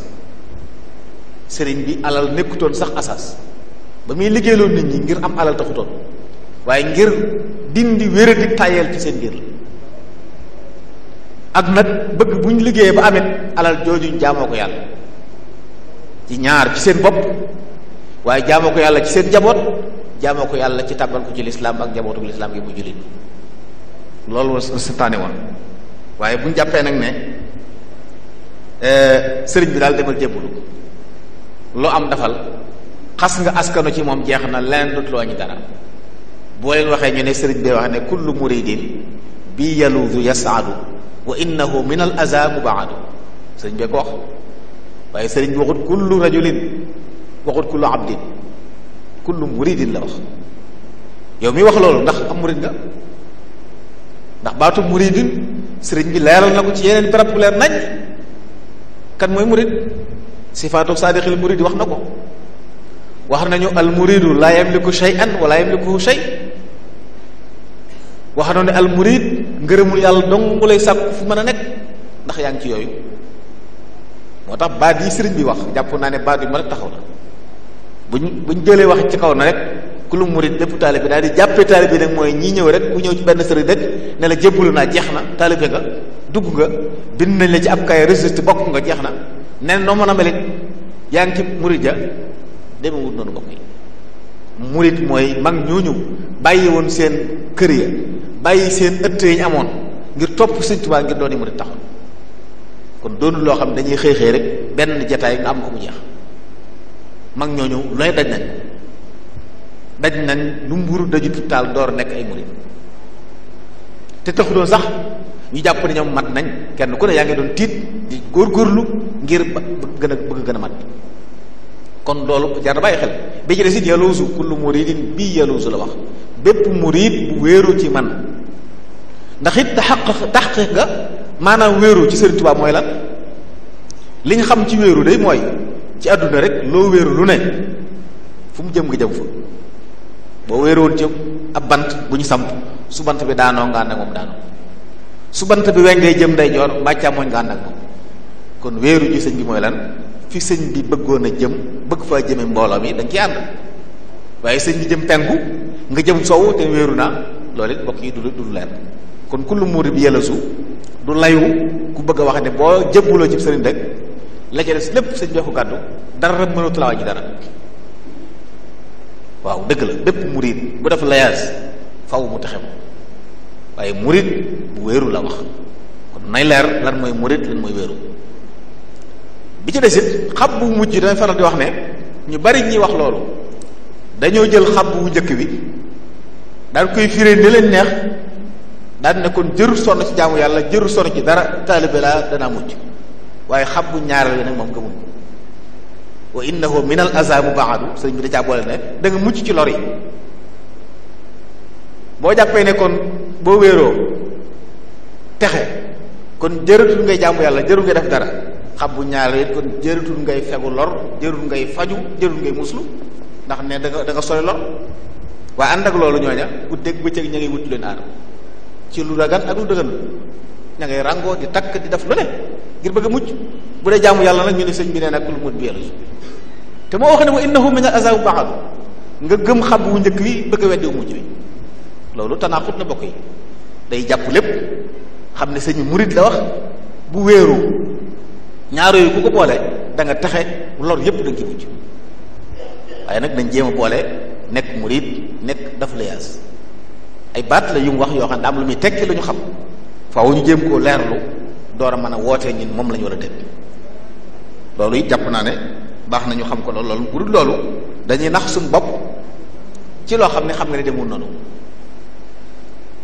sëriñ bi alal nekkutoon sax asaas ba muy liggéeyloon nit ñi ngir am alal taxutoon waaye ngir dindi wéradi tayel ci seen biir la ak nag bëgg bu ñu liggéeyee ba amee alal joojuñ jaamoo ko yàlla ci ñaar ci seen bopp waaye jaamoo ko yàlla ci seen njaboot jaamoo ko yàlla ci tàbbal ko ci lislaam ak njabootu lislaam gi bu jullit loolu santaane woon waaye bu ñu jàppee nag ne euh, sëriñ bi daal demal jébbalu loo am dafal xas nga askano ci moom jeex na leneen dootu loo dara boo leen waxee ñu ne sëriñ bi wax ne kullu muridin bi yaluudu yasaadu وإنه من الأذى مبعد سيرن بك واخ واي سيرن بي كل رجل وقت كل عبد كل مريد لا واخ يومي واخ لول ناخ ام مريد ناخ باتو مريد سيرن بي ليرال نكو سي يينن براب لير ناج كان موي مريد صفات صادق المريد واخ نكو واخ المريد لا يملك شيئا ولا يملك شيئا waxanoon ne almurid ngërëmul yàlla dong lay sàkku fu mën a nekk ndax yaa ngi ci yooyu moo tax baat yi sëriñ bi wax jàpp naa ne baat yu ma rek taxaw na buñ buñ jëlee wax ci kaw na rek ku lu murid bépp taalibe daal di jàppee taalibe nag mooy ñii ñëw rek ku ñëw ci benn sëriñ rek ne la naa jeex na taalibe nga dugg nga bind nañ la ci ab kaay registre bokk nga jeex na nen noo mën a melit yaa ngi ci murid ja demewut noonu bokk yi murid mooy mag ñooñu bàyyi woon seen kër yi bàyyi seen ëtt yi ñu amoon ngir topp sëñ Tuubaa ngir doon yi mu di taxoon kon doonul loo xam ne dañuy xëy xëy rek benn jataay nga am ko mu jeex mag ñooñu looy daj nañ daj nañ lu mburu dajutu taal door nekk ay murid te taxu doon sax ñu jàpp ne ñoom mat nañ kenn ku ne yaa ngi doon tiit di góor góorgóorlu ngir ba gën a bëgg gën a mat kon loolu jar na bàyyi xel bi ci des it yaluusu kullu muridin bii yaluusu la wax bépp murid bu wéeru ci man it taxaq taxqiq maanaam wéeru ci Sëriñ Tuubaa mooy lan li xam ci wéeru day mooy ci àdduna rek loo wéeru lu ne fu mu jëm nga jëm fa boo ab bant bu ñu samp su bant bi daanoo nga ànd ak moom daanoo su bant bi ngay jëm day joor mbaa càmmoñ nga ànd ak moom kon wéeru ci sëñ bi mooy lan fi sëñ bi bëggoon a jëm bëgg faa jëme mbooloo mi da nga waaye sëñ bi jëm penku nga jëm sowu te wéeru naa loolu it yi du du leer kon kullu murid bi yàlla su du layu ku bëgg a wax ne boo jëbbuloo ci sëriñ rek la ca lépp sëñ bi ko gàddu dara mënatu laa wàññi dara waaw dëgg la bépp murid bu def layaas faw mu taxe ma waaye murid bu wéeru la wax kon nay leer lan mooy murid lan mooy wéeru bi ci desit xab bu mucc mujj damay faral di wax ne ñu bari ñuy wax loolu dañoo jël xab bu njëkk bi daal koy firee ni leen neex daal ne kon jërul sonn ci jaamu yàlla jërul sonn ci dara taalibe laa danaa mujj waaye xab bu ñaareel bi nag moom gëmul wa innahu na al azamu baadu sëñ bi da caa boole ne da nga mucc ci lor yi boo jàppee ne kon boo wéeroo texe kon jëratul ngay jaamu yàlla jërul ngay def dara bu ñaar it kon jëratul ngay fegu lor jërul ngay faju jërul ngay muslu ndax ne da nga da nga sori lor waaye ànd ak loolu ñooña guddeeg bëccëg ña ngay wut leen ci lu dagan ak lu dëggan ngay ràngoo di takk di def lu ngir bëgg mucc bu dee jaamu yàlla nag ñu sëñ bi nee nag lu mut bi te moo wax ne wa innahu min al azaw baaxal nga gëm xab wu njëkk wi bëgg a weddi wu mujj bi loolu tanaaxut la bokk yi day jàpp lépp xam ne sëñ murid la wax bu wéeru ñaar yooyu ku ko boole da texe lor yépp da nga waaye nag dañ jéem a boole nekk murid nekk daf layaas ay baat la yu wax yoo xam ne am lu muy tekki lu ñu xam faaw ñu jéem koo leerlu door a mën a wootee ñun moom la war a dégg loolu it jàpp naa ne baax na ñu xam ko loolu loolu bu dul loolu dañuy nax suñu bopp ci loo xam ne xam nga ne demul noonu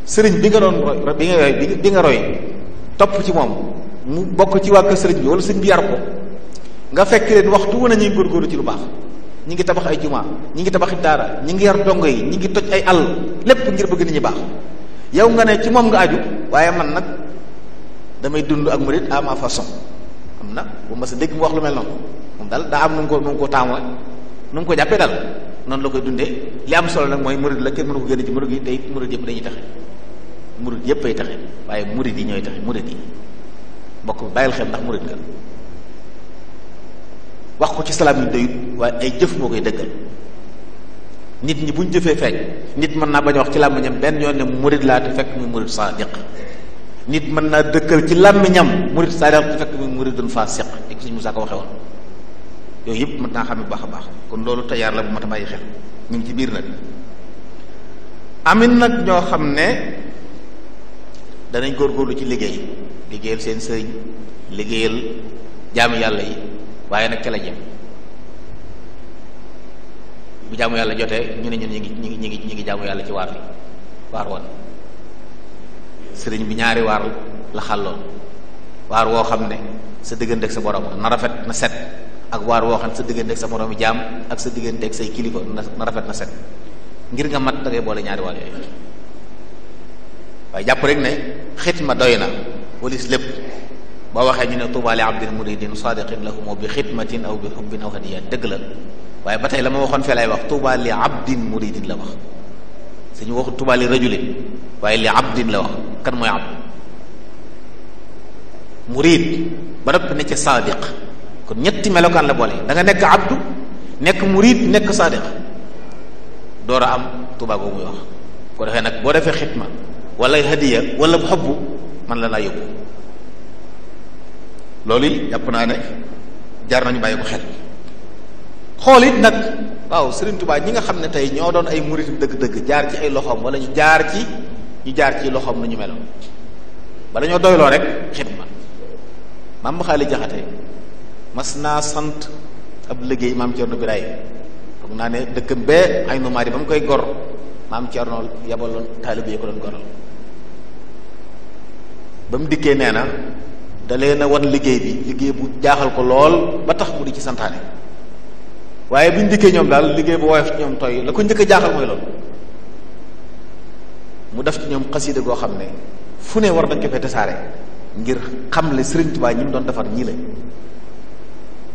sëriñ bi nga doon roy bi nga roy bi roy topp ci moom. mu bok ci wa kër serigne bi wala serigne bi yar ko nga fekk len waxtu wona ñi gor goru ci lu bax ñi ngi tabax ay juma ñi ngi tabax dara ñi ngi yar dongo yi ñi ngi toj ay al lepp ngir bëgg ñi yow nga ne ci mom nga aju waye man nak damay dund ak murid a ma façon amna bu ma sa dégg wax lu mel non moom daal am nu ko nu ko taamoo nu ko jappé dal non la koy dundé li am solo nak moy murid la kenn mënu ko gën ci murid yi tay murid yëpp dañuy taxé murid yëpp ay taxé waye murid yi ñooy taxe murid yi mbokk bi bàyyil xel ndax murit nga wax ko ci salaam yi doyut waaye ay jëf moo koy dëggal nit ñi buñ jëfee feeñ nit mën naa bañ wax ci làmmiñam benn yoon ne murit laa te fekk muy murit saadiq nit mën naa dëkkal ci làmmiñam murit saadiq te fekk muy muridun faasiq ak suñ Musaa ko waxee woon yooyu yëpp mën naa xam bu baax a baax kon loolu tayaar la bu mat a bàyyi xel mu ngi ci biir nag amin nag ñoo xam ne danañ góorgóorlu ci liggéey liggéeyal seen sëriñ liggéeyal jaamu yàlla yi waaye nag ca la jëm bu jaamu yàlla jotee ñu ne ñun ñu ngi ñu ngi ñu ngi jaamu yàlla ci waar li waar woon sëriñ bi ñaari waar la xàlloon waar woo xam ne sa diggante ak sa borom na rafet na set ak waar woo xam ne sa diggante ak sa borom jaam ak sa diggante ak say kilifa na rafet na set ngir nga mat dangay boole ñaari waar yooyu way jàpp rek ne xitma doyna na lépp ba waxe ñu ne tuuba li abdil muridin sadiqin lahum bi khitmatin aw bi hubbin aw hadiya deug la waaye batay lama waxon fe lay wax tuuba li abdul muridin la wax suñu waxu tuuba li rajulin waaye li abdul la wax kan moy abdul murid ba noppi ne ci sadiq kon ñetti melokan la bolé da nga nek abdul nek murid nek sadiq doora am tuuba go muy wax ko defé nak bo defé khitma wala hadiya wala bu xobbu man la naa yóbbu loolu yi jàpp naa ne jaar nañu bàyyi ko xel xool yi nag waaw Serigne ñi nga xam ne tey ñoo doon ay murit dëgg-dëgg jaar ci ay loxoom wala ñu jaar ci ñu jaar ci loxoom nu ñu meloon ba dañoo doyloo rek xidma maam Xaali Jaxate mas naa sant ab liggéey maam Cerno Birahim foog naa ne dëkkam bee ay numaar yi ba mu koy gor maam Cerno yabaloon taalibe yi ko doon goral ba mu dikkee nee na da leen a wan liggéey bi liggéey bu jaaxal ko lool ba tax mu di ci santaane waaye bu ñu dikkee ñoom daal liggéey bu woyof ci ñoom tooy la ko njëkk a jaaxal mooy loolu mu def ci ñoom xasida goo xam ne fu ne war dañ ko fee tasaare ngir xam le Sëriñ Tuubaa ñi mu doon defar ñii lañ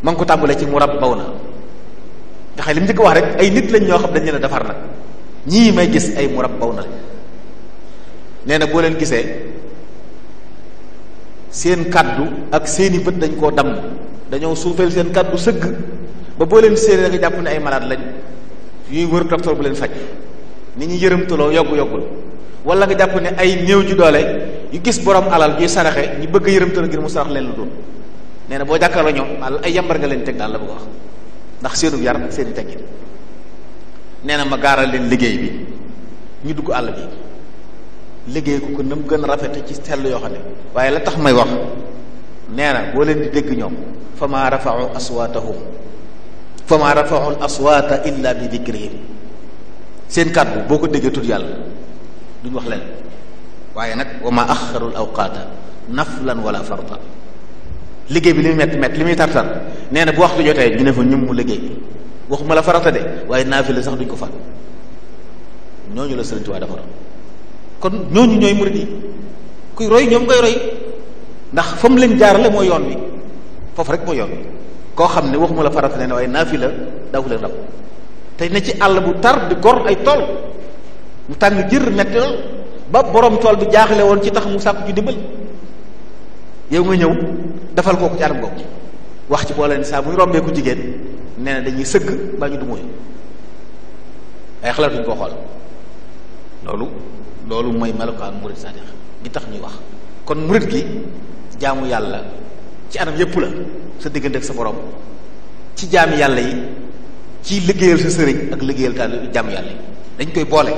ma ngi ko tàmbalee ci mu rab baw na nga li mu njëkk wax rek ay nit lañ ñoo xam dañ leen a defar nag ñii may gis ay mu rab baw na nee na boo leen gisee seen kàddu ak seeni bët dañ koo damm dañoo suufeel seen kaddu sëgg ba boo leen séenee da nga jàpp ne ay malade lañ yuy wër docteur bu leen faj ni ñu yërëmtaloo yoggu yoggul wala nga jàpp ne ay néew ju doole yu gis borom alal yuy saraxe ñi bëgg a yërëmtaloo ngir mu sarax leen lu dul nee na boo jàkkaarloo ñoom al ay yambar nga leen teg daal la bëgg wax ndax seenu yar ak seeni teggin nee na ma gaaral leen liggéey bi ñu dugg àll bi liggéey ko ko na gën a rafete ci sell yo xam waye la tax may wax nee bo boo leen di dégg ñom fama rafau aswatahum fama rafa'u rafaul aswaata illa bi dikrihim seen kàddu boko degge tut yàlla duñ wax leen waye nak wa ma al awqaata naflan wala farda liggéey bi limi muy metti metti li muy tartar nee bu waxtu jotay dina fa ñum mu liggéey waxuma la farata de waye naafila sax duñ ko fa ñoñu la sëriñ Tuubaa dafa kon ñooñu ñooy murid yi kuy roy ñoom ngay roy ndax fa mu leen jaarale mooy yoon wi foofu rek mooy yoon wi koo xam ne waxuma la farata ne waaye fi la daaw leen rab te ne ci àll bu tar di gor ay tool mu tàng jër metti lool ba borom tool bi jaaxale woon ci tax mu sàkku ci dimbal yow nga ñëw defal kooku ci anam googu wax ci boole ni saa bu ñu rombee ku jigéen nee na dañuy sëgg baa ñu du mooy ay xalaatuñ koo xool loolu loolu mooy melokaan murid sadiq gi tax ñuy wax kon murit gi jaamu yàlla ci anam yépp la sa diggante ak sa borom ci jaami yàlla yi ci liggéeyal sa sëriñ ak liggéeyal taal dañ koy boole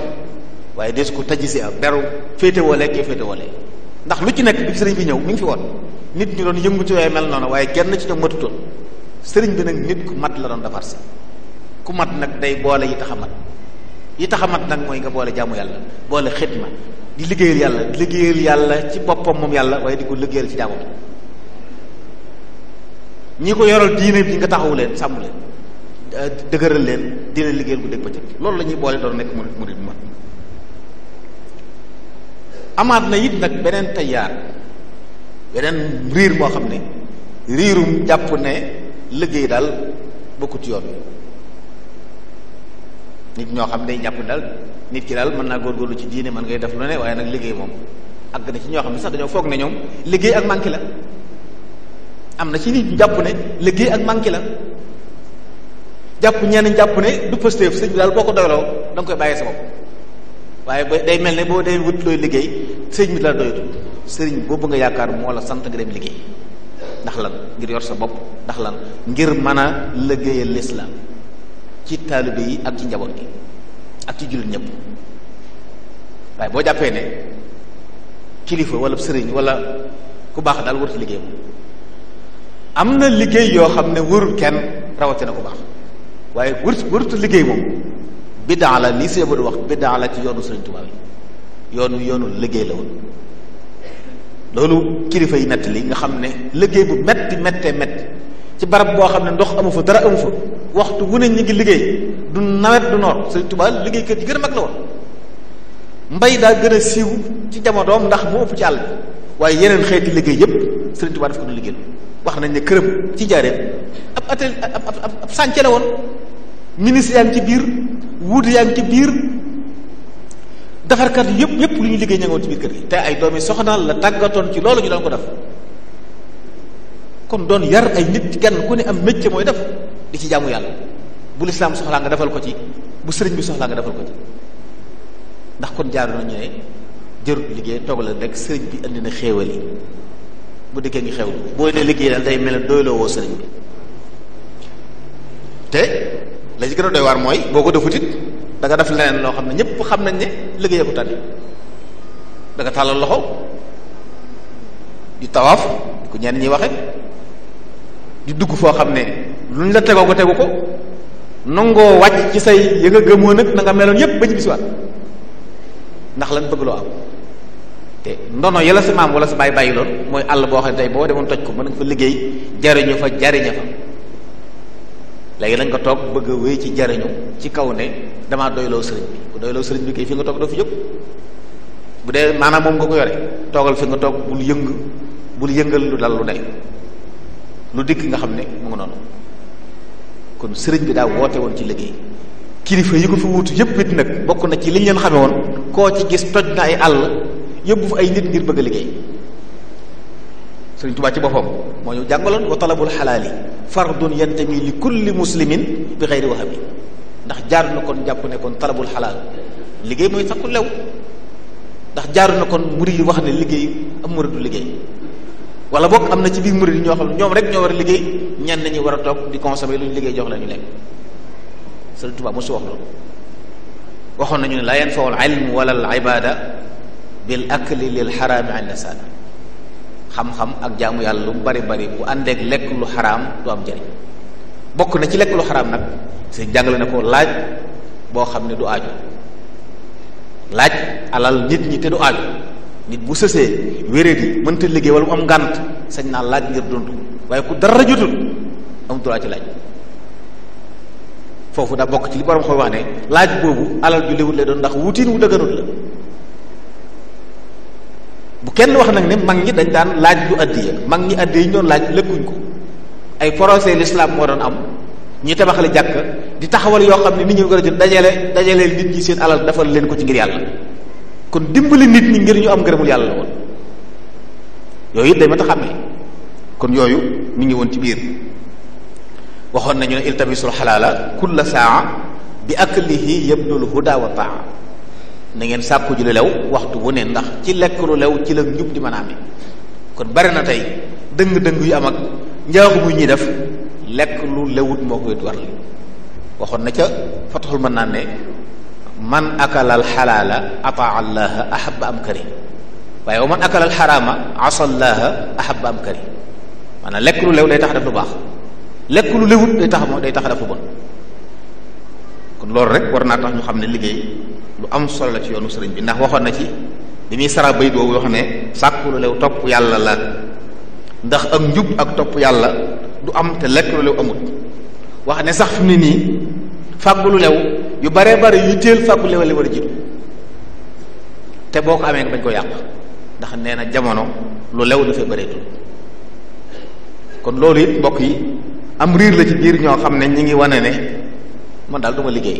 waaye des ko tajisi ak beru féete woolee kee féete woolee ndax lu ci nekk bi sëriñ bi ñëw mi ngi fi woon nit ñu doon yëngu ci waaye mel noonu waaye kenn ci ñoom matutoon sëriñ bi nag nit ku mat la doon defar si ku mat nag day boole yi tax mat yi tax a mat nag mooy nga boole jaamu yàlla boole xidma di liggéeyal yàlla di liggéeyal yàlla ci boppam moom yàlla waaye di ko liggéeyal ci jaamam ñi ko yoral diine bi nga taxawu leen sàmm leen euh, dëgëral leen dina liggéeyal bu dégg bëccëg loolu lañuy boole doon nekk murid murid bu amaat na it nag beneen tayaar beneen riir moo xam ne riirum jàpp ne liggéey daal bokkut yoon wi nit ñoo xam day jàpp daal nit ki daal mën naa góorgóorlu ci diine mën ngay def lu ne waaye nag liggéey moom àgg na ci ñoo xam ne sax dañoo foog ne ñoom liggéey ak manqué la na ci nit jàpp ne liggéey ak manqué la jàpp ñenn jàpp ne du Pastef sëñ bi boo ko doyloo da koy bàyyi sa bopp waaye ba day mel ne boo day wut liggéey sëñ bi sëriñ boobu nga yaakaar moo la sant nga dem liggéey ndax lan ngir yor sa bopp ndax lan ngir mën a liggéeyal lislaam ci taalibe yi ak ci njaboot gi ak ci jullit ñëpp waaye boo jàppee ne kilifa wala sëriñ wala ku baax daal warut liggéey am na liggéey yoo xam ne wërul kenn rawatina ku baax waaye wërut wërut liggéey moom biddaa la lii see wax biddaa la ci yoonu sëriñ Tuubaa yi yoonu yoonu liggéey la woon loolu kilifa yi nett li nga xam ne liggéey bu metti mette mett ci barab boo xam ne ndox amu fa dara amu fa waxtu wu ne ñu ngi liggéey du nawet du noor Sëriñ Tuubaa liggéeykat yi gën a mag la woon mbay daa gën a siiw ci jamonoom ndax mu ëpp ci àll waaye yeneen xeeti liggéey yépp Sëriñ Tuubaa dafa ko du liggéey wax nañ ne këram ci jaareem ab atelier ab ab sànce la woon ministre yaa ngi ci biir wuute yaa ngi ci biir defarkat yépp yépp lu ñu liggéey ña nga ci biir kër gi te ay doomi soxnaal la tàggatoon ci loolu ñu doon ko def kon doon yar ay nit kenn ku ne am métier mooy def di ci jaamu yàlla bu lislaam soxlaa nga defal ko ci bu sëriñ bi soxlaa nga defal ko ci ndax kon jaaru na ne jërut liggéey toogal rek sëriñ bi indi na xéewal yi bu dikkee ngi xew booy ne liggéey daal day mel ne doyloo woo sëriñ bi te la gën a doy waar mooy boo ko defut it danga def leneen loo xam ne ñëpp xam nañ ne liggéeyee ko tànni da tàllal loxo di tawaaf ku ñenn ñi waxe di dugg foo xam ne lu ñu la tegoo ko tegu ko nangoo wàcc ci say ya nga gëmoo nag na nga meloon yépp ba ci bisiwaat ndax lan bëgg loo am te ndono yàlla sa maam wala sa baay bàyyi loon mooy àll boo xam ne tey boo demoon toj ko mën nga fa liggéey jariñu fa jariña fa léegi dañ ko toog bëgg a wéy ci jariñu ci kaw ne damaa doyloo sëriñ bi bu doyloo sëriñ bi kay fi nga toog doo fi jóg bu dee maanaam moom nga ko yore toogal fi nga toog bul yëng bul yëngal lu lu ne lu dikk nga xamne mo mu ngi noonu kon serigne bi da wote won ci liggey kilifa yi ko fi wuutu yep it nak bokku na ci liñ leen xame won ko ci gis toj na ay àll yóbbu fa ay nit ngir bëgg liggey serigne touba ci bopam mo ñu jangalon wa talabul halali fardun yantami li kulli muslimin bi ghayri wahabi ndax jaar na kon jàpp ne kon talabul halal liggey moy sakku lew ndax jaaru na kon murid yi wax ne liggey am murid wala boog am na ci biir murid yi ñoo xam ne ñoom rek ñoo war a liggéey ñenn ñi war a toog di consommer lu ñu liggéey jox la ñu lekk Sëriñ Tuubaa mosu wax loolu waxoon nañu ne laa yanfau al ilm wala al ibada bil ak jaamu yàlla lu mu bari xaraam du bokk na ci lekk xaraam nag seen jàngale na ko laaj boo xam ne du aaju laaj alal nit ñi te du aaju nit bu sësee wéree di mënta liggéey wala mu am ngànt sañ naa laaj ngir dund waaye ku dara jotul am droit ci laaj foofu daa bokk ci li borom xooy wax ne laaj boobu alal bi léwut lay doon ndax wutiin wu dëgganut la bu kenn wax nag ni mag ñi dañ daan laaj du yi mag ñi addiya yi ñu doon laaj lëkkuñ ko ay procès l'islam moo doon am ñi tabaxale jàkk di taxawal yoo xam ne nit ñi ko dajale dajaleel nit ñi seen alal defal leen ko ci ngir yàlla kon li nit ñi ngir ñu am ngërëmul yàlla la woon yooyu it day mat a xàmmee kon yooyu mi ngi woon ci biir waxoon nañu ne iltamisul xalaala kulla saa bi aklihi yabnul huda wa taa na ngeen sàkku ji lu lew waxtu wu ne ndax ci lekk lu lew ci la njub di mën a amee kon bari na tey dëng-dëng yu am ak njaaxu bu ñuy def lekk lu lewut moo koy waral waxoon na ca fataxul mën naa ne من أكل الحلال أطاع الله أحب أم كريم ومن أكل الحرام عصى الله أحب أم كريم من لكل لو لا يتحدث لباخ لكل لو لا يتحدث لباخ كن لور رك ورنا تحن خمني لغي لو أم صلى الله عليه وسلم بناه وخنا كي دمي سرى بيد ووخنا ساكول لو طب يالا لا ndax ak njub ak top yalla du am te lekk lu amut wax ne sax fimni ni fagulu lew yu baree bari yu teel fàggu li war a jiitu te boo ko amee bañ ko yàq ndax nee na jamono lu lew dafay bëreetul kon loolu it mbokk yi am riir la ci biir ñoo xam ne ñi ngi wane ne mën daal duma liggéey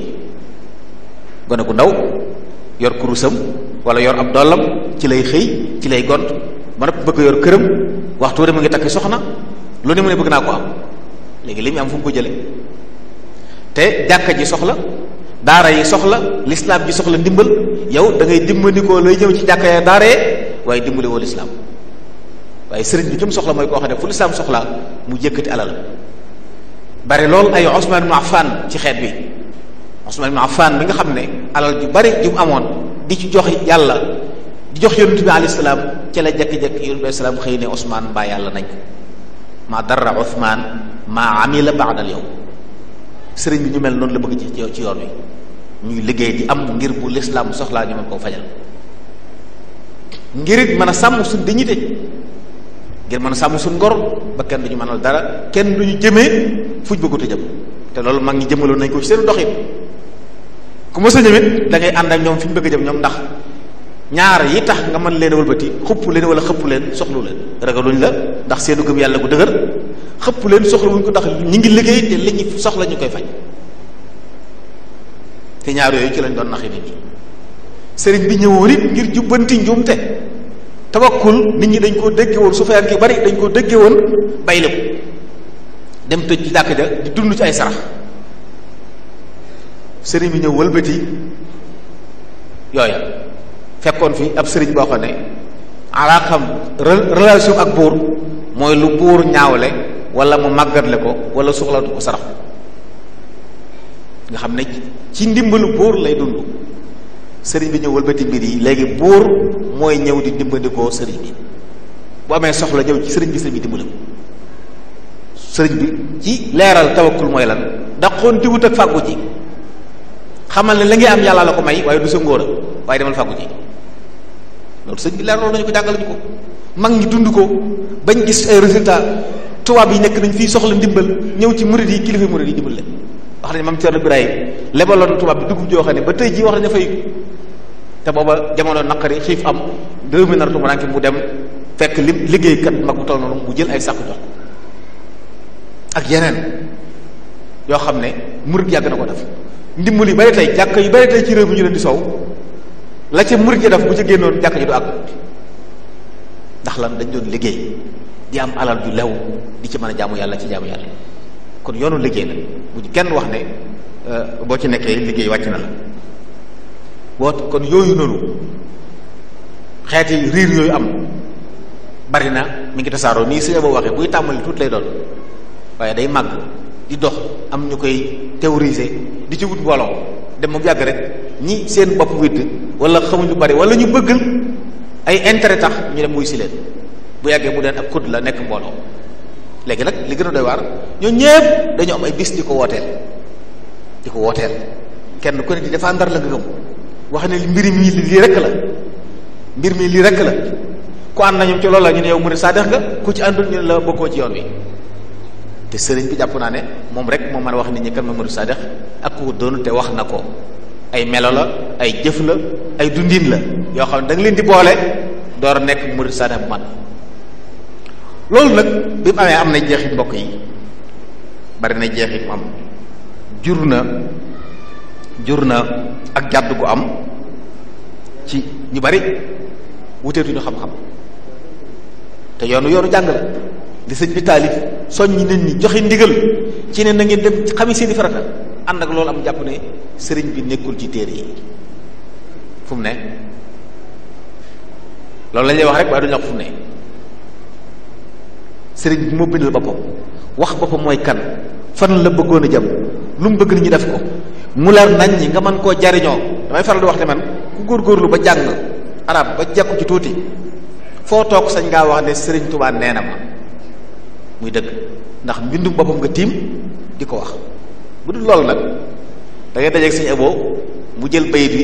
gone gu ndaw yor kurusam wala yor ab dollam ci lay xëy ci lay gont ba noppi bëgg yor këram waxtu mu ngi takk soxna lu ne mu ne bëgg naa ko am léegi li mu am fu mu ko jële te jàkka ji soxla daara yi soxla lislaam ji soxla ndimbal yow da ngay dimbandikoo lay ñëw ci jàkka ya daara yee waaye dimbali woo lislaam waaye sëriñ bi ki soxla mooy koo xam ne fu lislaam soxlaa mu jëkkati alal bari lool ay Usmaan ibn Affan ci xeet bi Usmaan ibn Affan bi nga xam ne alal ju bari ju amoon di ci jox yàlla di jox yonent bi alayhi salaam ci la jekk-jekk yonent bi alayhi xëy ne Usmaan mbaa yàlla nañ ma darra Usmaan maa amila ba'dal yawm sëriñ bi ñu mel noonu la bëgg ci ci yoon wi ñuy liggéey di am ngir bu lislaam soxlaa ñu mën koo fajal ngir it mën a sàmm suñ dignité ngir mën a sàmm suñ ngor ba kenn duñu mënal dara kenn du ñu jëmee fuñ bëggut a jëm te loolu mag ñi jëmaloon nañ ko ci seen doxin ku mos a ñëwit da ngay ànd ak ñoom fi ñu bëgg a jëm ñoom ndax ñaar yi tax nga mën leen a wëlbati xupp leen wala xëpp leen soxlu leen ragaluñ la ndax seenu gëm yàlla gu dëgër xëpp leen soxla wuñ ko tax ñi ngi liggéey te li ñu soxla ñu koy faj te ñaar yooyu ci lañ doon naxi nit ñi sëriñ bi ñëwoon it ngir jubbanti njuumte tawakkul nit ñi dañ koo dégge woon su fayaan ki bari dañ koo dégge woon bay la ko dem tëj ci jàkk ja di dund ci ay sarax sëriñ bi ñëw wëlbati yooya fekkoon fi ab sëriñ boo xam ne alaaxam relation ak buur moy lu bour ñaawle wala mu magat le ko wala soxlaatu ko sarax nga xam ci ndimbalu bour lay dund sëriñ bi ñëw wëlbati mbir yi léegi buur mooy ñëw di dimbandikoo sëriñ bi bu amé soxla ñëw ci sëriñ bi sëriñ bi dimbalu sëriñ bi ci leeral tawakkul moy lan daqoon di wut ak fàggu ci xamal ne la ngay am yalla la ko may waye du sa ngor waye demal fàggu ci loolu sëñ bi leer loolu nañu ko jàngale ñu ko mag ñi dund ko bañ gis ay résultat tubaab yi nekk nañ fii soxla ndimbal ñëw ci murid yi kilifa murid yi dimbal leen wax nañ maam Cerno Birahim lebaloon tubaab bi dugub joo xam ne ba tey jii wax nañ fay te booba jamono naqari xiif am réew mi nar tumuraanke mu dem fekk li liggéeykat mag bu taw noonu mu jël ay sàkku jox ak yeneen yoo xam ne murid yàgg na ko def ndimbal yu bari tey jàkk yi bari tey ci réew mi ñu leen di sow la ca murit yi daf bu ca génnoon jàkk ji du àgg ndax lan dañ doon liggéey di am alal ju lew di ci mën a jàmm yàlla ci jaamu yàlla kon yoonu liggéey la kenn wax ne euh, boo ci nekkee liggéey wàcc woot kon yooyu noonu xeeti riir yooyu am bari na mi ngi tasaaroo nii si boo waxee buy tàmbali tuut lay doon waaye day màgg di dox am ñu koy théoriser di ci wut booloo dem moom yàgg rek ñi seen bopp widd wala xamuñu bari wala ñu bëgg ay intérêt tax ñu dem wuy si leen bu yàggee mu deen ak kudd la nekk mbooloo léegi nag li gën a doy waar ñoo ñëpp dañu am ay bis di ko wooteel di ko wooteel kenn ku ne di la nga gëm wax ne mbir mi lii rek la mi lii rek la ku ànd nañu ci loolu la ñu ne yow mu ne ku ci àndul ñu la bokkoo ci yoon wi te sëriñ jàpp naa ne moom rek moo mën a wax nit ñi kan ma mënu saa ak ku doonu te wax na ko ay melo la ay jëf la ay dundin la yoo xam ne da leen di boole door nekk murid saade bu mat loolu nag bi mu amee am na jeexit mbokk yi bari na jeex jeexit mu am jur na jur na ak jàdd ku am ci ñu bari wuteetuñu xam-xam te yoonu yoonu jàng la li sëñ bi taalif soññi nit ñi joxe ndigal ci ne na ngeen xam xami seeni farata ànd ak loolu am jàpp ne sëriñ bi nekkul ci téere yi fu ne loolu la wax rek waaye du ñu wax ne sëriñ bi moo bindal boppam wax boppam mooy kan fan la bëggoon a jëm lu mu bëgg nit ñi def ko mu leer nañ yi nga mën koo jariñoo damay faral di wax ne man ku góorgóorlu ba jàng arab ba jekku ci tuuti foo toog sañ ngaa wax ne sëriñ Tuubaa nee na muy dëgg ndax mbindum boppam nga tiim di ko wax bu dul loolu nag da ngay dajeeg sëñ Abo mu jël bayit bi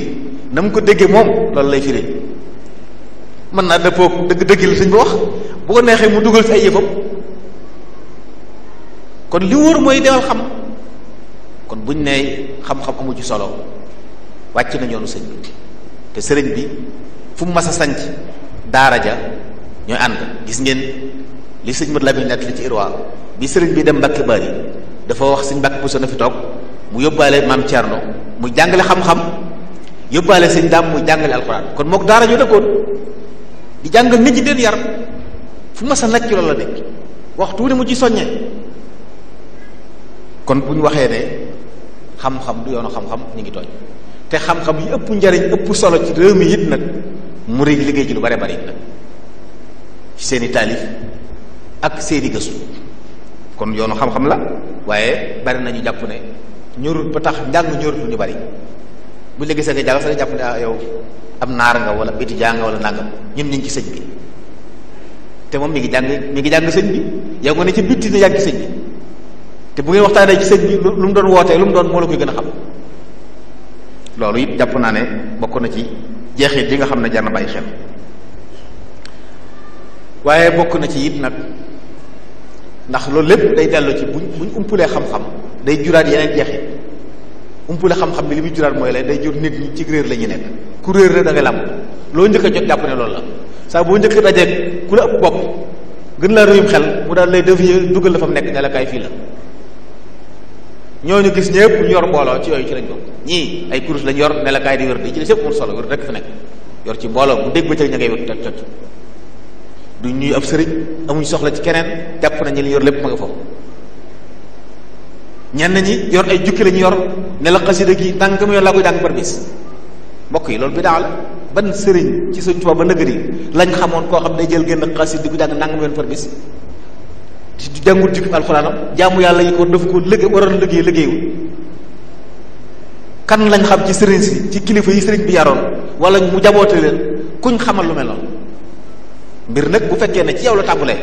na mu ko déggee moom loolu lay firi mën naa dëppoo dëgg dëgg la sëñ bi wax boo neexee mu dugal ci ay yëfam kon li wóor mooy deewal xam kon buñ nee xam-xam amu ci solo wàcc na ñoonu sëñ bi te sëriñ bi fu mu mas a sanc daara ja ñooy ànd gis ngeen li sëñ Mat Lamin nekk ci Irwa bi sëriñ bi dem Mbàkke Bari dafa wax sëñ Mbàkke Buso na fi toog mu yóbbaale maam Thierno mu jàngale xam-xam yóbbaale sëñ daam mu jàngale alxuraan kon mook daara ñu dëkkoon di jàngal nit ñi den yar fu masa nag ci loolu la nekk waxtu ne mu ci soññe kon bu ñu waxee ne xam-xam du yoonu xam-xam ñu ngi tooñ te xam-xam yi ëpp njariñ ëpp solo ci réew mi it nag mu réeg liggéey ci lu bare bare it nag seeni taalif ak seeni gëstu kon yoonu xam-xam la waaye bari na ñu jàpp ne ñorut ba tax njàng ñorut lu ñu bari bu ñu la gisee jàng sax jàpp ne ah, yow am naar nga wala biti jàng nga wala nangam ñun ñu ci sëñ bi te moom mi ngi jàng mi ngi jàng sëñ bi yow nga ne ci bitti na yàgg sëñ bi te bu ngeen waxtaanee ci sëñ bi lu mu doon wootee lu mu doon moo la koy gën a xam loolu it jàpp naa ne bokk na ci jeexit yi nga xam ne jar na bàyyi xel waaye bokk na ci it nag. ndax loolu lépp day dellu ci buñ buñ umpulee xam-xam day juraat yeneen jeexit umpule xam-xam bi li muy juraat mooy lay day jur nit ñi ci réer la ñu nekk ku réer la da ngay loo njëkk jot jàpp ne loolu la saa boo njëkk a dajeeg ku la ëpp bopp gën xel mu daal lay dévier dugal la fa mu nekk ne la kaay fii la ñooñu gis ñëpp ñu yor mbooloo ci yooyu ci lañ bokk ñii ay kurus lañ yor ne di wér di ci la sëpp pour solo wér rekk fa nekk yor ci mbooloo bu dégg ba ca ña ngay wér toj du ñuy ab sëriñ amuñ soxla ci keneen japp nañu li yor lepp ma nga foofu ñenn ñi yor ay jukki lañu yor ne la qasida gi dàngam yor la koy dang par bis mbokk yi lool bi daal ban sëriñ ci suñu tuba ba neugri lañ xamoon ko xam day jël genn xasid di ko jàng nangam yoon par bis di jàngul jukki jaamu yalla yi ko def ko waral legge legge wu kan lañ xam ci sëriñ si ci kilifa yi sëriñ bi yaroon wala mu jaboote leen kuñ xamal lu mel mbir nag bu fekkee ne ci yow la bi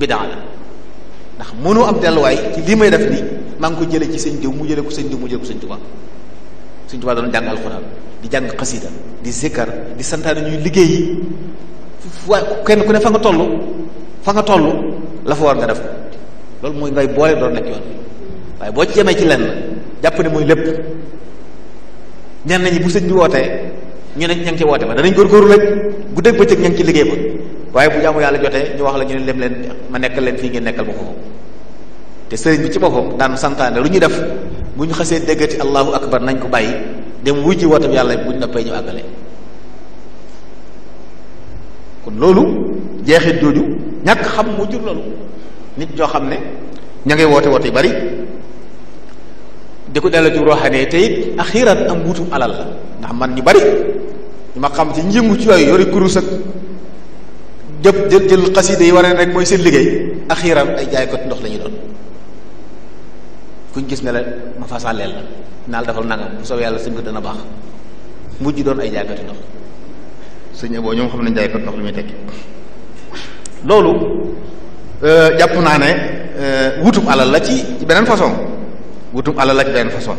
bidaa la ndax mënoo am delluwaay ci lii may def nii maa ngi ko jëlee ci sëñ diw mu jëlee ko sëñ diw mu jëlee ko sëñ Tuubaa sëñ Tuubaa doon jàng alxuraan di jàng xasida di zikkar di santaane ñuy liggéey yi waaye kenn ku ne fa nga toll fa nga toll la fa war nga def loolu mooy ngay boole doon nekk yoon bi waaye boo ci jemee ci lenn jàpp ne mooy lépp ñenn ñi bu sëñ bi wootee ñu ne ña ngi ci woote ba danañ góorgóorlu rek guddeeg bëccëg ña ngi ci liggéey waaye bu jaamu yàlla jotee ñu wax la ñu ne dem leen ma nekkal leen fii ngeen nekkal ma foofu te sëriñ bi ci boppam daan santaane lu ñuy def bu ñu xasee déggati allahu akbar nañ ko bàyyi dem wujji wootam yàlla bu ñu noppee ñu àggale loolu jeexit ñàkk xam mu jur xam ne ña ngay woote woote yu bari di ko delloo ci ruuxane te it axiran am wutum alal la ndax man ñu bari ñu ma xam ci njëngu ci yooyu yori kurus jëpp jël jël xasida yi waree rek mooy seen liggéey axiran ay jaaykoti ndox la ñu doon kuñ gis ne la ma fa sàlleel la naal nangam bu yàlla suñ ko dana baax mujj doon ay jaaykoti ndox suñu boo ñoom xam nañ jaaykoti ndox lu muy tekki loolu euh, jàpp naa ne euh, wutum alal la ci beneen façon wutum alal la ci beneen façon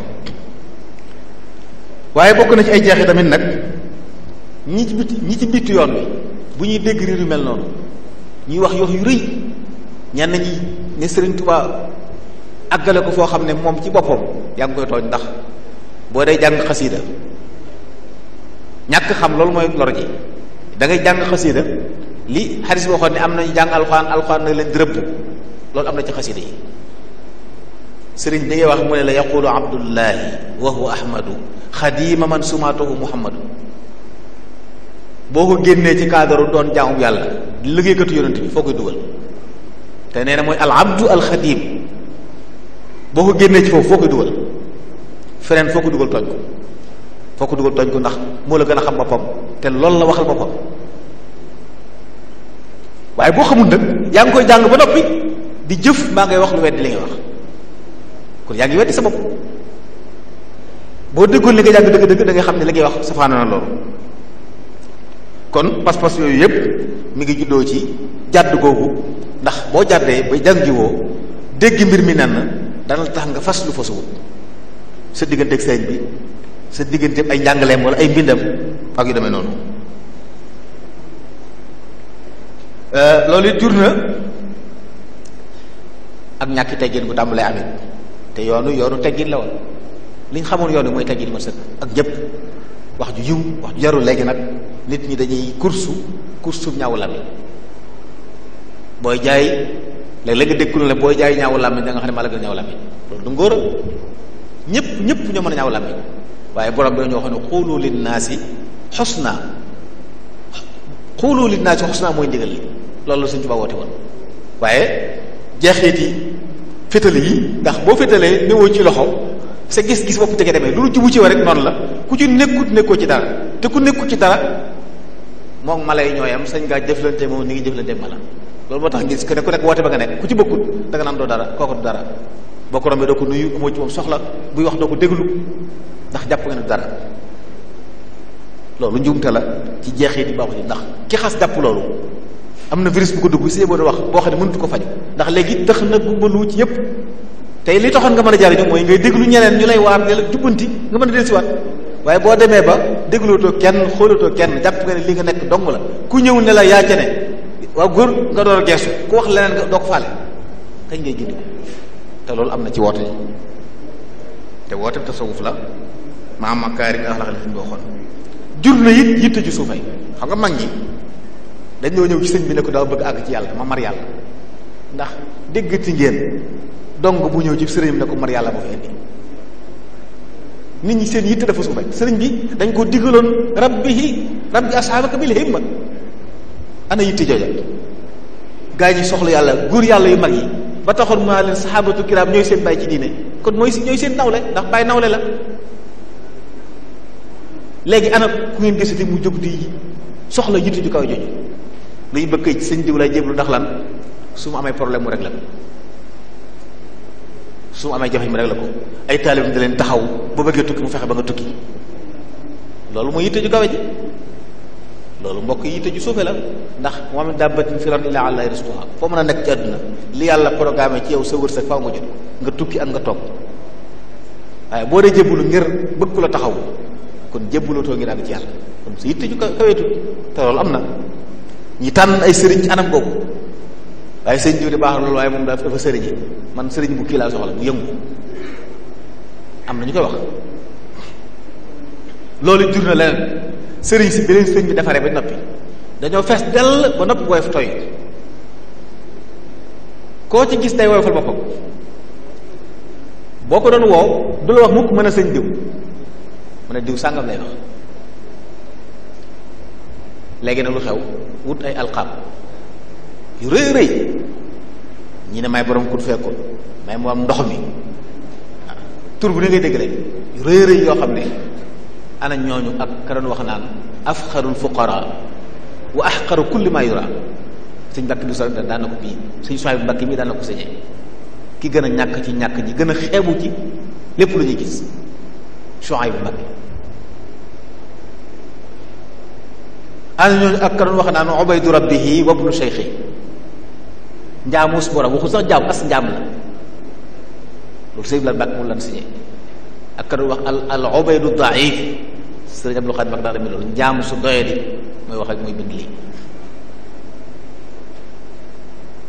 waaye bokk na ci ay jeexi tamit nag ñi ci biti ñi ci bitti yoon wi bu ñuy dégg riir mel noonu ñuy wax yox yu rëy ñenn ñi ne Serigne Touba àggale ko foo xam ne moom ci boppam yaa ngi koy tooñ ndax boo day jàng xasiida ñàkk xam loolu mooy lor ji da ngay jàng xasiida li xadis boo waxoon ne am nañu jàng alxuraan alxuraan nag leen dërëpp loolu am na ci xasiida yi sëriñ bi ngay wax mu ne la yaqulu abdullahi wa huwa ahmadu xadima man sumaatuhu muhammadu boo ko génnee ci kaadaru doon jaamu yàlla liggéeykatu yonent bi foo koy dugal te nee mooy al abdu al xadim boo ko génnee ci foofu foo koy dugal feneen foo ko dugal tooñ ko foo ko ko ndax moo la gën a xam boppam te loolu la waxal boppam waaye boo xamul nag yaa ngi koy jàng ba noppi di jëf maa ngay wax lu weddi li ngay wax kon yaa ngi weddi sa bopp boo déggoon li nga jàng dëgg-dëgg da nga xam ne li ngay wax safaano loolu kon pas-pas yooyu yëpp mi ngi juddoo ci jàdd googu ndax boo jàddee ba jàngiwoo dégg mbir mi nenn dana tax nga fas lu fasuwut sa digganteeg sëñ bi sa digganteeg ay njàngaleem wala ay mbindam ak yu demee noonu euh, loolu it na ak ñàkki teggin bu tàmbalee amit te yoonu yoonu teggin la woon li xamoon yoon mooy teggin ma sëkk ak ñëpp wax ju yiw wax ju yarul léegi nag nit ñi dañuy kursu kursu ñaaw làmmiñ booy jaay léeg-léeg nga dégg booy jaay ñaw làmmiñ da xam ne maa la gën a ñaaw làmmiñ loolu du ngóor ñëpp ñëpp ñoo mën a ñaaw làmmiñ waaye borom bi ñoo xam ne xuulu linnaasi naa xuulu linnaasi xusna mooy ndigal li loolu la suñ Tuubaa woote woon waaye jeexeet yi fétale yi ndax boo fétalee newoo ci loxo sa gis-gis bopp tege demee lu lu jubu ci wa rek noonu la ku ci nekkut nekkoo ci dara te ku nekkut ci dara moom mala yi ñooyam sañ ngaa jëflante moom ni ngi jëflante mala loolu moo tax ngis ku ne ku nekk woote ba nga nekk ku ci bokkut da nga naan doo dara kooku du dara boo ko rombee doo ko nuyu ku moo ci moom soxla buy wax doo ko déglu ndax jàpp nga ne du dara loolu njuumte la ci jeexit yi baaxul ndax ki xas jàpp loolu am na virus bu ko dugg si boo doon wax boo xam ne mënut ko faj ndax léegi tax na gumba lu ci yëpp tey li taxoon nga mën a jar mooy ngay déglu ñeneen ñu lay waar ne la jubbanti nga mën a dellusiwaat waaye boo demee ba dégluwutoo kenn xoolatoo kenn jàpp nga ne li nga nekk dong la ku ñëw ne la yaa ca ne waaw góor nga door a geesu ku wax leneen doo ko faale kañ ngay gindi te loolu am na ci woote yi te woote bi tasawuf la maa ma kaari nga axlaxal fi ñu jur na it yitte ju xam nga mag ñi doo ñëw ci sëñ bi ne ko daa bëgg àgg ci yàlla ma mar yàlla ndax déggati ngeen dong bu ñëw ci sëriñ bi ne ko mar yàlla bu fi indi nit ñi seen yitte dafa suufe sëriñ bi dañ koo diggaloon ko digaloon rabbihi rabbi ashaabaka bil himma ana yitte jooja gaa ñi soxla yàlla guur yàlla yu mag yi ba taxoon maa leen saxaabatu kiraam ñooy seen bàyyi ci diine kon mooy ñooy seen nawle ndax bàyyi nawle la léegi ana ku ngeen gisati mu jóg di soxla yitte ju kaw jooju dañu bëgg ci sëñ diw lay jéblu ndax lan su mu amee problème mu rek la su mu amee jafe mu rek la ko ay taalib da leen taxaw ba bëggee tukki mu fexe ba nga tukki loolu mooy yitte ju kawe ji loolu mbokk yitte ju suufe la ndax wa min daabbatin fil ardi illaa alaa rizquhaa foo mën a nekk ci àdduna li yàlla programme ci yow sa wërsëg faaw nga jot nga tukki ak nga toog waaye boo dee jébbalu ngir bëgg ku la taxaw kon jébbalatoo ngir àgg ci yàlla kon sa yitte ju kaweetu te loolu am na ñi tànn ay sëriñ ci anam googu waaye sëñ jiw di baax loolu waaye moom dafa sëriñ man sëriñ bu kii laa soxla bu yëngu am na ñu koy wax loolu jur na leneen sëriñ si bi leen sëñ bi defaree ba noppi dañoo fees dell ba nopp woyof toy koo ci gis day woyofal boppam boo ko doon woow du la wax mukk mën a sëñ diw mën a diw sàngam lay wax léegi nag lu xew wut ay alqaab yu rëy rëy ñi ne may borom ku fekkoon may mu am ndox mi tur bu ne ngay dégg rek yu rëy rëy yoo xam ne ana ñooñu ak ka doon wax naan afxarul fuqara wa axqaru kulli ma yura sëñ mbakki bu sa daan na ko bii sëñ soy bu mbakki mii daan na ko sëñee ki gën a ñàkk ci ñàkk ji gën a xeebu ci lépp lu ñuy gis soy bu mbakki ana ñooñu ak ka doon wax naan ubaydu rabbihi wa ibnu cheikhi njaamuus borom waxul sax njaam as njaam la loolu sëriñ lan Mbàkke moom lan signé ak ka doon wax al al ubaydu daif sëriñ Abdul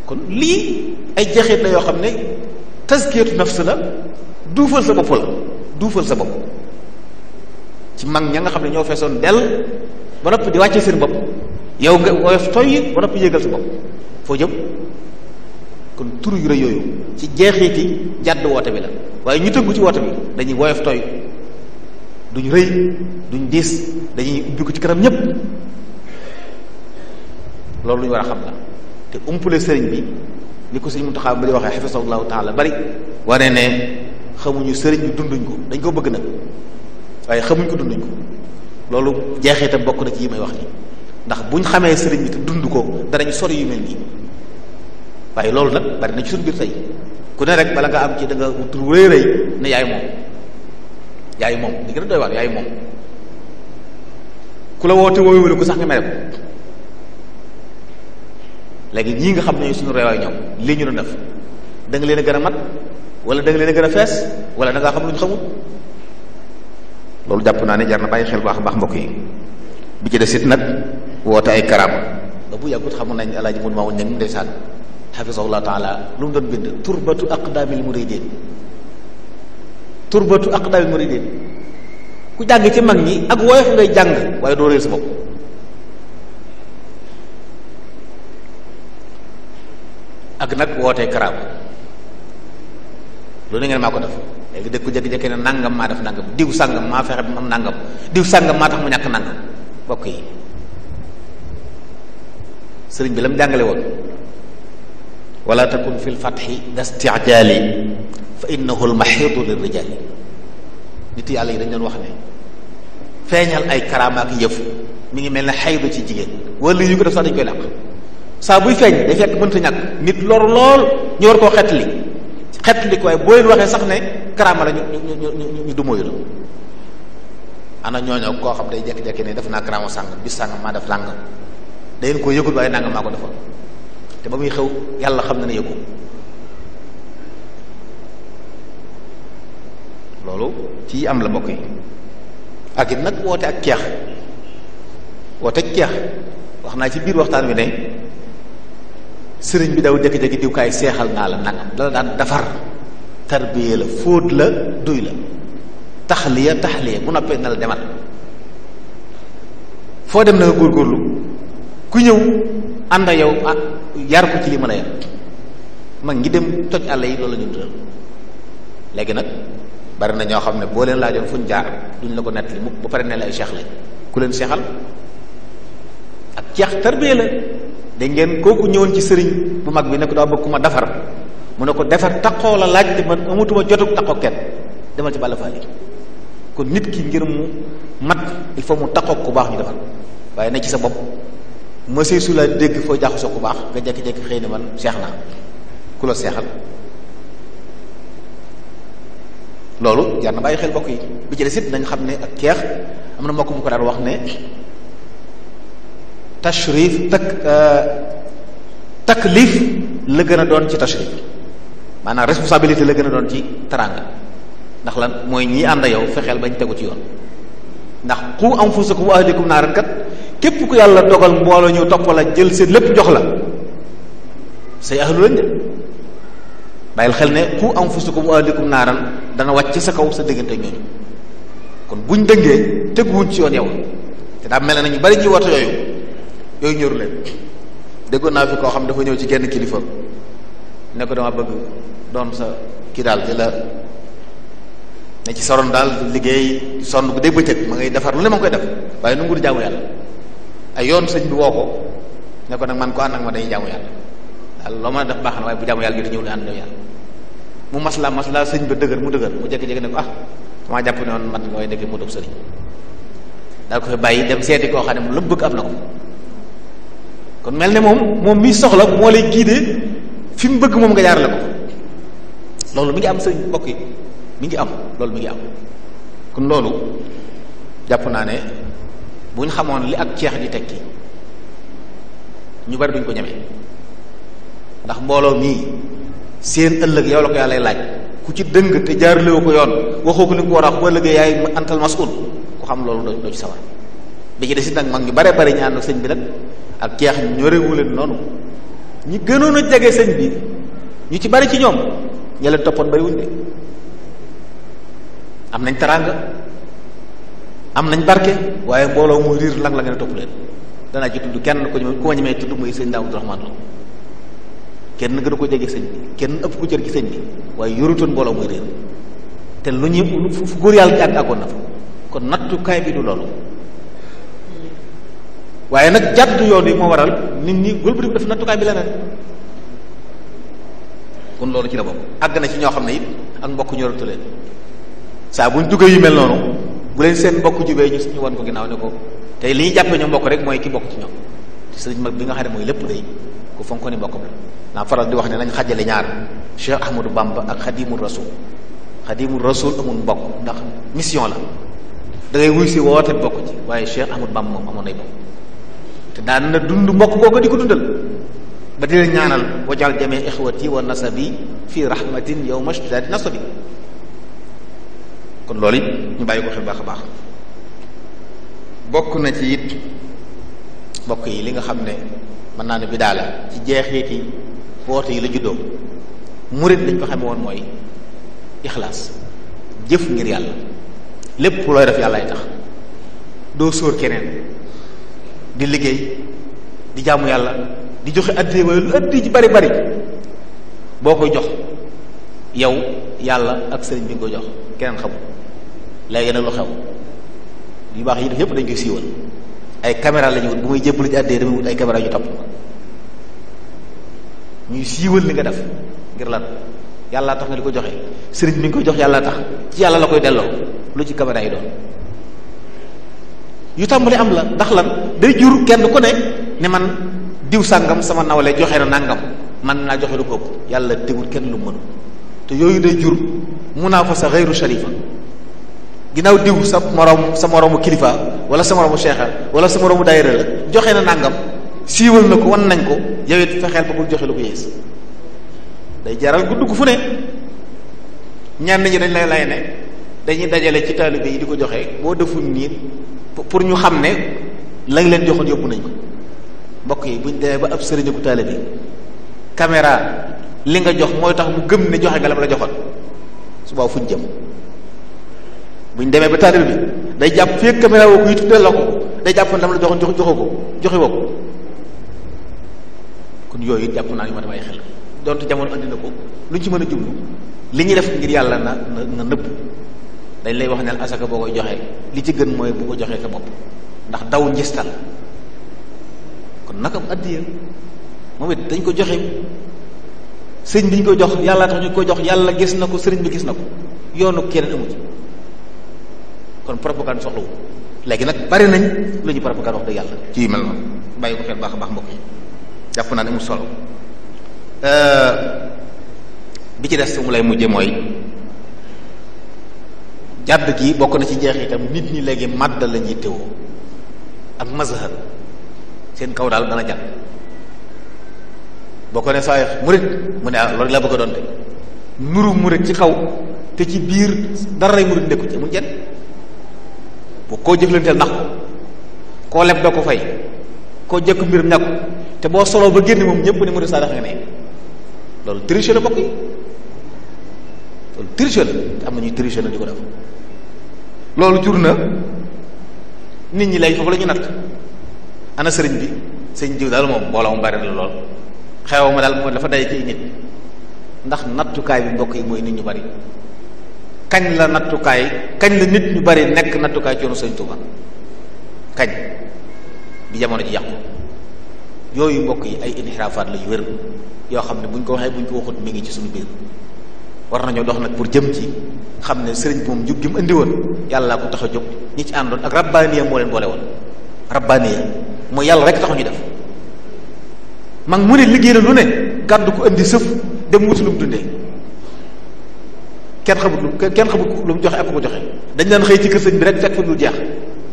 kon lii ay jaxit yoo xam ne taskiyatu nafs la duufal sa bopp la duufal sa bopp ci mag ña nga xam ne ñoo feesoon dell ba noppi di wàccee seen bopp yow nga woyof toy ba noppi yéegal sa bopp foo jëm kon tur yu rëy yooyu ci jeexiiti jàdd woote bi la waaye ñu tëggu ci woote bi dañuy woyof toy duñ rëy duñ diis dañuy ubbi ko ci kanam ñépp loolu lu ñu war a xam la te umpale sëriñ bi ni ko sëriñ Muntaxa ba di waxee xafisahullahu taala bari wane ne xamuñu sëriñ bi dunduñ ko dañ ko bëgg nag waaye xamuñ ko dunduñ ko loolu jeexee bokk na ci yi may wax ni ndax buñ xamee sëriñ bi te dund ko danañ sori yu mel nii waaye loolu nag bari na ci suñu biir tey ku ne rek bala nga am ci da nga tur rëy rëy ne yaay moom yaay moom li gën a doy waar yaay moom woote woowee ko sax nga mere ko léegi nga xam ne suñu reewaay ñoom lii ñu doon def da leen gën a mat wala da nga leen gën a fees wala da ngaa xam lu ñu loolu jàpp naa ne jar na bàyyi xel baax baax mbokk yi bi ci des it nag woote ay karaama ba bu yàggut xamul nañ alaaji mun maawuñ nag ndeysaan xafisahullah taala lu mu doon bind turbatu aqdaamil muridin turbatu aqdaamil muridin ku jàng ci mag ñi ak woyof ngay jàng waaye doo réer sa bopp ak nag wootee karaam lu ne ngeen maa ko def léegi dëkk jékki-jékki ne nangam maa def nangam diw sàngam maa fexe am nangam tax mu ñàkk nangam bokk yi sëriñ bi la mu jàngale woon wala takun fi lfatxi dastijaali fa innahu lmaxiidu lirrijaali nit yàlla yi dañ doon wax ne feeñal ay karaama ak yëf mi ngi mel ne xaydu ci jigéen wala yu ko def sax dañ koy làq saa buy feeñ day fekk mënta ñàkk nit loru lool ñu war koo xetli xetli ko waaye boo leen waxee sax ne karaama la ñu ñu ñu ñu du moyu la ana ñooñu koo xam day jekki-jekki ne def naa karaama sàng bis sàng maa def làng da ngeen koo yëgul waaye nanga maa ko defoon te ba muy xew yàlla xam na ne yëgu loolu ci am la mbokk yi ak it nag woote ak keex woote ak keex wax naa ci biir waxtaan wi ne sëriñ bi daw jékki-jékki diw kaay seexal naa la nangam dala daan defar tarbiye la fóot la duy la taxliya taxliya bu noppee na la demal foo dem na nga góorgóorlu ku ñëw ànd ak yow ah yar ko ci li ma a yar mag ngi dem toj àll yi loolu la ñu tëral léegi nag bari na ñoo xam ne boo leen laajoon fuñ jaar duñ la ko nettali mukk ba pare ne la ay cheikh lañ ku leen seexal ak ceex tarbiyee la da ngeen kooku ñëwoon ci sëriñ bu mag bi ne ko daa bëgg ku ma defar mu ne ko defar taqoo la laaj di man amatuma jotug taqoo kenn demal ci Balla Fall kon nit ki ngir mu mat il faut mu taqoo ko baax ñu defar waaye ne ci sa bopp mësee su la dégg foo jaxasoo ku baax nga jékki-jékki xëy na man seex naa ku la seexal loolu jar na bàyyi xel bokk yi bi ci des it nañ xam ne ak keex am na mbokk mu ko daan wax ne tashrif tak taklif la gën a doon ci tashrif maanaam responsabilité la gën a doon ci teraanga ndax lan mooy ñii ànd yow fexeel bañ tegu ci yoon ndax qu anfusakum wa ahlikum naaran kat képp ku yàlla dogal mbooloo ñu topp la jël seen lépp jox la say ahlu lañ de bàyyil xel ne ku anfusakum wa ahlikum naaran dana wàcc sa kaw sa diggante ñooñu buñ dëngee teguwuñ ci yoon yow mel na ñu bari ñuy woote yooyu yooyu ñëru leen déggoon koo xam dafa ñëw ci genn kilifa ne ko dama bëgg doon sa kii daal di ne ci soron daal liggéey sonn bu day bëccëg ma ngay defar lu ne ma koy def waaye nu nguur jaamu yàlla ay yoon sëñ bi woo ko ne ko nag man ko ànd ak ma dañuy jaamu yàlla daal loo mën a def na waaye bu jaamu yàlla gi di ñëw di ànd yàlla mu maslaa maslaa sëñ ba dëgër mu dëgër mu jékki-jékki ne ko ah damaa jàpp ne woon man nga waaye ndekki mu dëb sëriñ daal dem seeti koo xam ne mu bëgg am na ko kon mel ne moom moom mi soxla moo lay de fi mu bëgg moom nga jaarale ko loolu mi ngi am sëñ mbokk yi mi ngi am loolu mi ngi am kon loolu jàpp naa ne bu ñu xamoon li ak ceex di tekki ñu bari duñ ko ñemee ndax mbooloo mii seen ëllëg yow la ko yàlla laaj ku ci dëng te jaarlewu ko yoon waxoo ko ni ko war a wax bu ëllëgee yaay antal mas'ul ku xam loolu doo ci sawar bi ci des it nag mag ñu bare bari ñu ànd ak sëñ bi nag ak ceex ñu ñorewu leen noonu ñi gënoon a jege sëñ bi ñu ci bari ci ñoom ña leen toppoon bariwuñ de am nañ teraanga am nañ barke waaye mbooloo mu riir lang la ngeen topp leen danaa ci tudd kenn ku ñu ku ma tudd muy sëñ Daam Abdourahmaan la kenn gën ko jege sëñ bi kenn ëpp ko cër gi sëñ bi waaye yorutoon mbooloo muy réer te lu ñu fu góor yàlla jàgg àggoon na fa kon nattukaay bi du loolu nag jàdd yi moo waral nit ñi gëlbati ko nattukaay bi leneen kon loolu ci la bokk àgg na ci ñoo xam ne it ak mbokk ñoratu leen saa bu ñu duggee yu mel noonu bu leen seen mbokk jubee ñu suñu wan ko ginnaaw ne ko tey li ñu jàppee ñu mbokk rek mooy ki bokk ci ñoom te sëriñ mag bi nga xam ne mooy lépp day ko fonko ni mbokkam la naa faral di wax ne nañ xajale ñaar Cheikh Ahmadou Bamba ak Xadimul Rasul Xadimul Rasul amul mbokk ndax mission la da ngay wuy si woote bokk ci waaye Cheikh Ahmadou Bamba moom amoon nay bokk te daan na dund mbokk kooku di ko dundal ba di leen ñaanal wajal jamee ixwati wa nasabi fii rahmatin yow mashdadi nasabi kon loolu it ñu bàyyi ko xel baax a baax bokk na ci it bokk yi li nga xam ne mën naa ne bi daala ci jeexiti woote yi la juddoo murit dañ ko xamee woon mooy ixlaas jëf ngir yàlla lépp looy def yàllaay tax doo sóor keneen di liggéey di jaamu yàlla di joxe addiya waaye lu bari bari boo koy jox yow yàlla ak sëriñ bi nga ko jox keneen xamul léegi nag lu xew yu baax yi def yëpp dañ koy siiwal ay caméra la ñu wut bu muy jébbalu ci àddee damay wut ay caméra ñu topp ñuy siiwal li nga def ngir lan yàlla tax nga di ko joxe sëriñ bi nga ko jox yàlla tax ci yàlla la koy delloo lu ci caméra yi doon yu tàmbali am la ndax lan day jur kenn ku ne ne man diw sàngam sama nawle joxe na nàngam man naa joxe lu ko ëpp yàlla tegul kenn lu mënu te yooyu day jur naa munaafasa xeyru sharifa ginnaaw diw sa moroom sa moroomu kilifa wala sa moroomu cheikha wala sa moroomu daayira la joxe na nàngam siiwal na ko wan nañ ko yow it fexeel ba bul joxe lu ko yées day jaral gudd gu fu ne ñenn ñi dañ lay lay ne dañuy dajale ci taalibe yi di ko joxe boo deful nii pour ñu xam ne lañ leen joxoon yóbbu nañ ko mbokk yi buñ demee ba ab sëriñu ku taalibe li nga jox mooy tax mu gëm ne joxe nga la la joxoon su boobu fu ñu jëm bu ñu demee ba taalibe bi day jàpp fii caméra woo ko yitu delloo ko day jàpp joxoo ko joxe ko kon yooyu jàpp naa ñu ma damay xel donte jamono àddina ko lu ñu ci mën a jublu li ñuy def ngir yàlla na na nëbb dañ lay wax ne asaka boo koy joxee li ci gën mooy bu ko joxee sa bopp ndax daw njistal kon naka bu àddiya moom it dañ ko joxe sëñ bi ñu ko jox yàlla tax ñu ko jox yàlla gis na ko sëriñ bi gis na ko yoonu kenn amu ci kon propagande soxlawu léegi nag bari nañ lu ñu wax dëgg yàlla ci yu mel noonu bàyyi ko xel baax baax mbokk yi jàpp naa ne mu solo euh, bi ci def su mu lay mujje mooy jàdd gi bokk na ci jeexitam nit ñi léegi màdd la ñuy teewoo ak mazhar seen kaw daal dana jàdd boo ko ne saayex murit mu ne ah loolu laa bëgg a doon de nuru murit ci xaw te ci biir dara ray murit nekku ci mu jenn koo jëflanteel nax ko koo ko fay koo jëkk mbirum ñàkku te boo soloo ba génn moom ñëpp ne murit loolu triche la bokk yi loolu am na ñuy triche di ko def loolu jur na nit ñi lay foofu la ñu ana sëriñ bi sëñ jiw daal moom mbooloo mu bari la lool xew daal moo dafa day ci nit ndax nattukaay bi mbokk yi mooy nit ñu bari kañ la nattukaay kañ la nit ñu bari nekk nattukaay ci yoonu Sëñ Tuuba kañ bi jamono ji yàqu yooyu mbokk yi ay inxiraafaat la yu wér yoo xam ne buñ ko waxee buñ ko waxut mi ngi ci suñu biir war nañoo dox nag pour jëm ci xam ne sëriñ bi moom jub gi mu indi woon yàlla ko tax a jóg ñi ci àndoon ak rabbaaniya moo leen boole woon rabbaaniya mooy yàlla rek taxu ñu def mag mu ne liggéey na lu ne gànd ko indi sëf dem wut lu mu dundee kenn xamut lu kenn xamut lu mu joxe ak ko joxe dañ daan xëy ci kër sëñ bi rek fekk fa lu jeex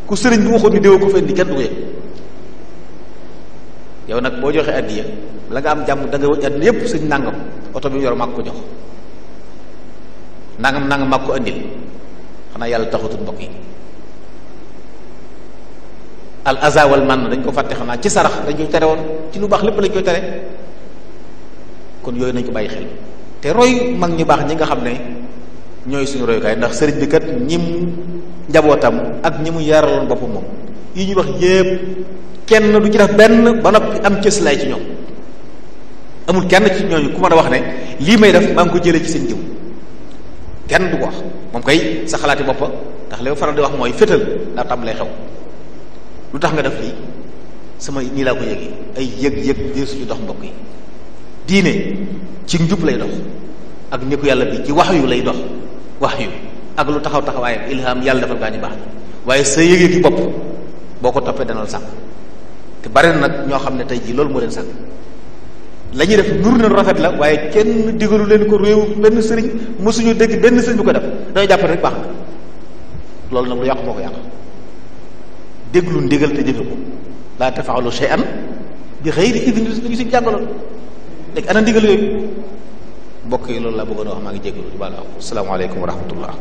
ku sëriñ bi waxoon ni déwoo ko fa indi kenn du yëg yow nag boo joxee addiya la nga am jàmm da nga wëcc yépp sëñ nàngam oto bi mu yor mag ko jox nangam nangam mag ko indil xanaa yàlla taxutul mbokk yi al aza wal man dañ ko fàtte xanaa ci sarax dañ koy tere woon ci lu baax lépp lañ koy tere kon yooyu nañ ko bàyyi xel te roy mag ñi baax ñi nga xam ne ñooy suñu royukaay ndax sëriñ bi kat ñim njabootam ak ñi mu yaraloon bopp moom yi ñu wax yépp kenn du ci def benn ba noppi am cës lay ci ñoom amul kenn ci ñooñu ku mën a wax ne lii may def maa ngi ko jële ci seen jiw kenn du ko wax moom koy sa xalaati boppa ndax li ma faral di wax mooy fétal daa tàmbalee xew lu tax nga def lii sama nii laa ko yëgee ay yëg-yëg dee suñu dox mbokk yi diine ci njub lay dox ak ni ko yàlla bi ci wax yu lay dox wax yu ak lu taxaw taxawaay bi ilham yàlla defal gaa ñu baax waaye sa yëg-yëg yi bopp boo ko toppee danal sànq te bare nag ñoo xam ne tey jii loolu moo leen sànq la ñuy def nur na rafet la waaye kenn digalu leen ko réew benn sëriñ mosuñu dégg benn sëriñ bu ko def dañoo jàpp rek baax na loolu nag lu yàqu moo ko yàq déglu ndigal te jëfe ko laa tafaalu shay'an bi xëyri idni ñu si jàngaloon léegi ana ndigal yooyu mbokk yi loolu laa bëggoon a wax maa ngi jégalu di baal salaamaaleykum wa rahmatullah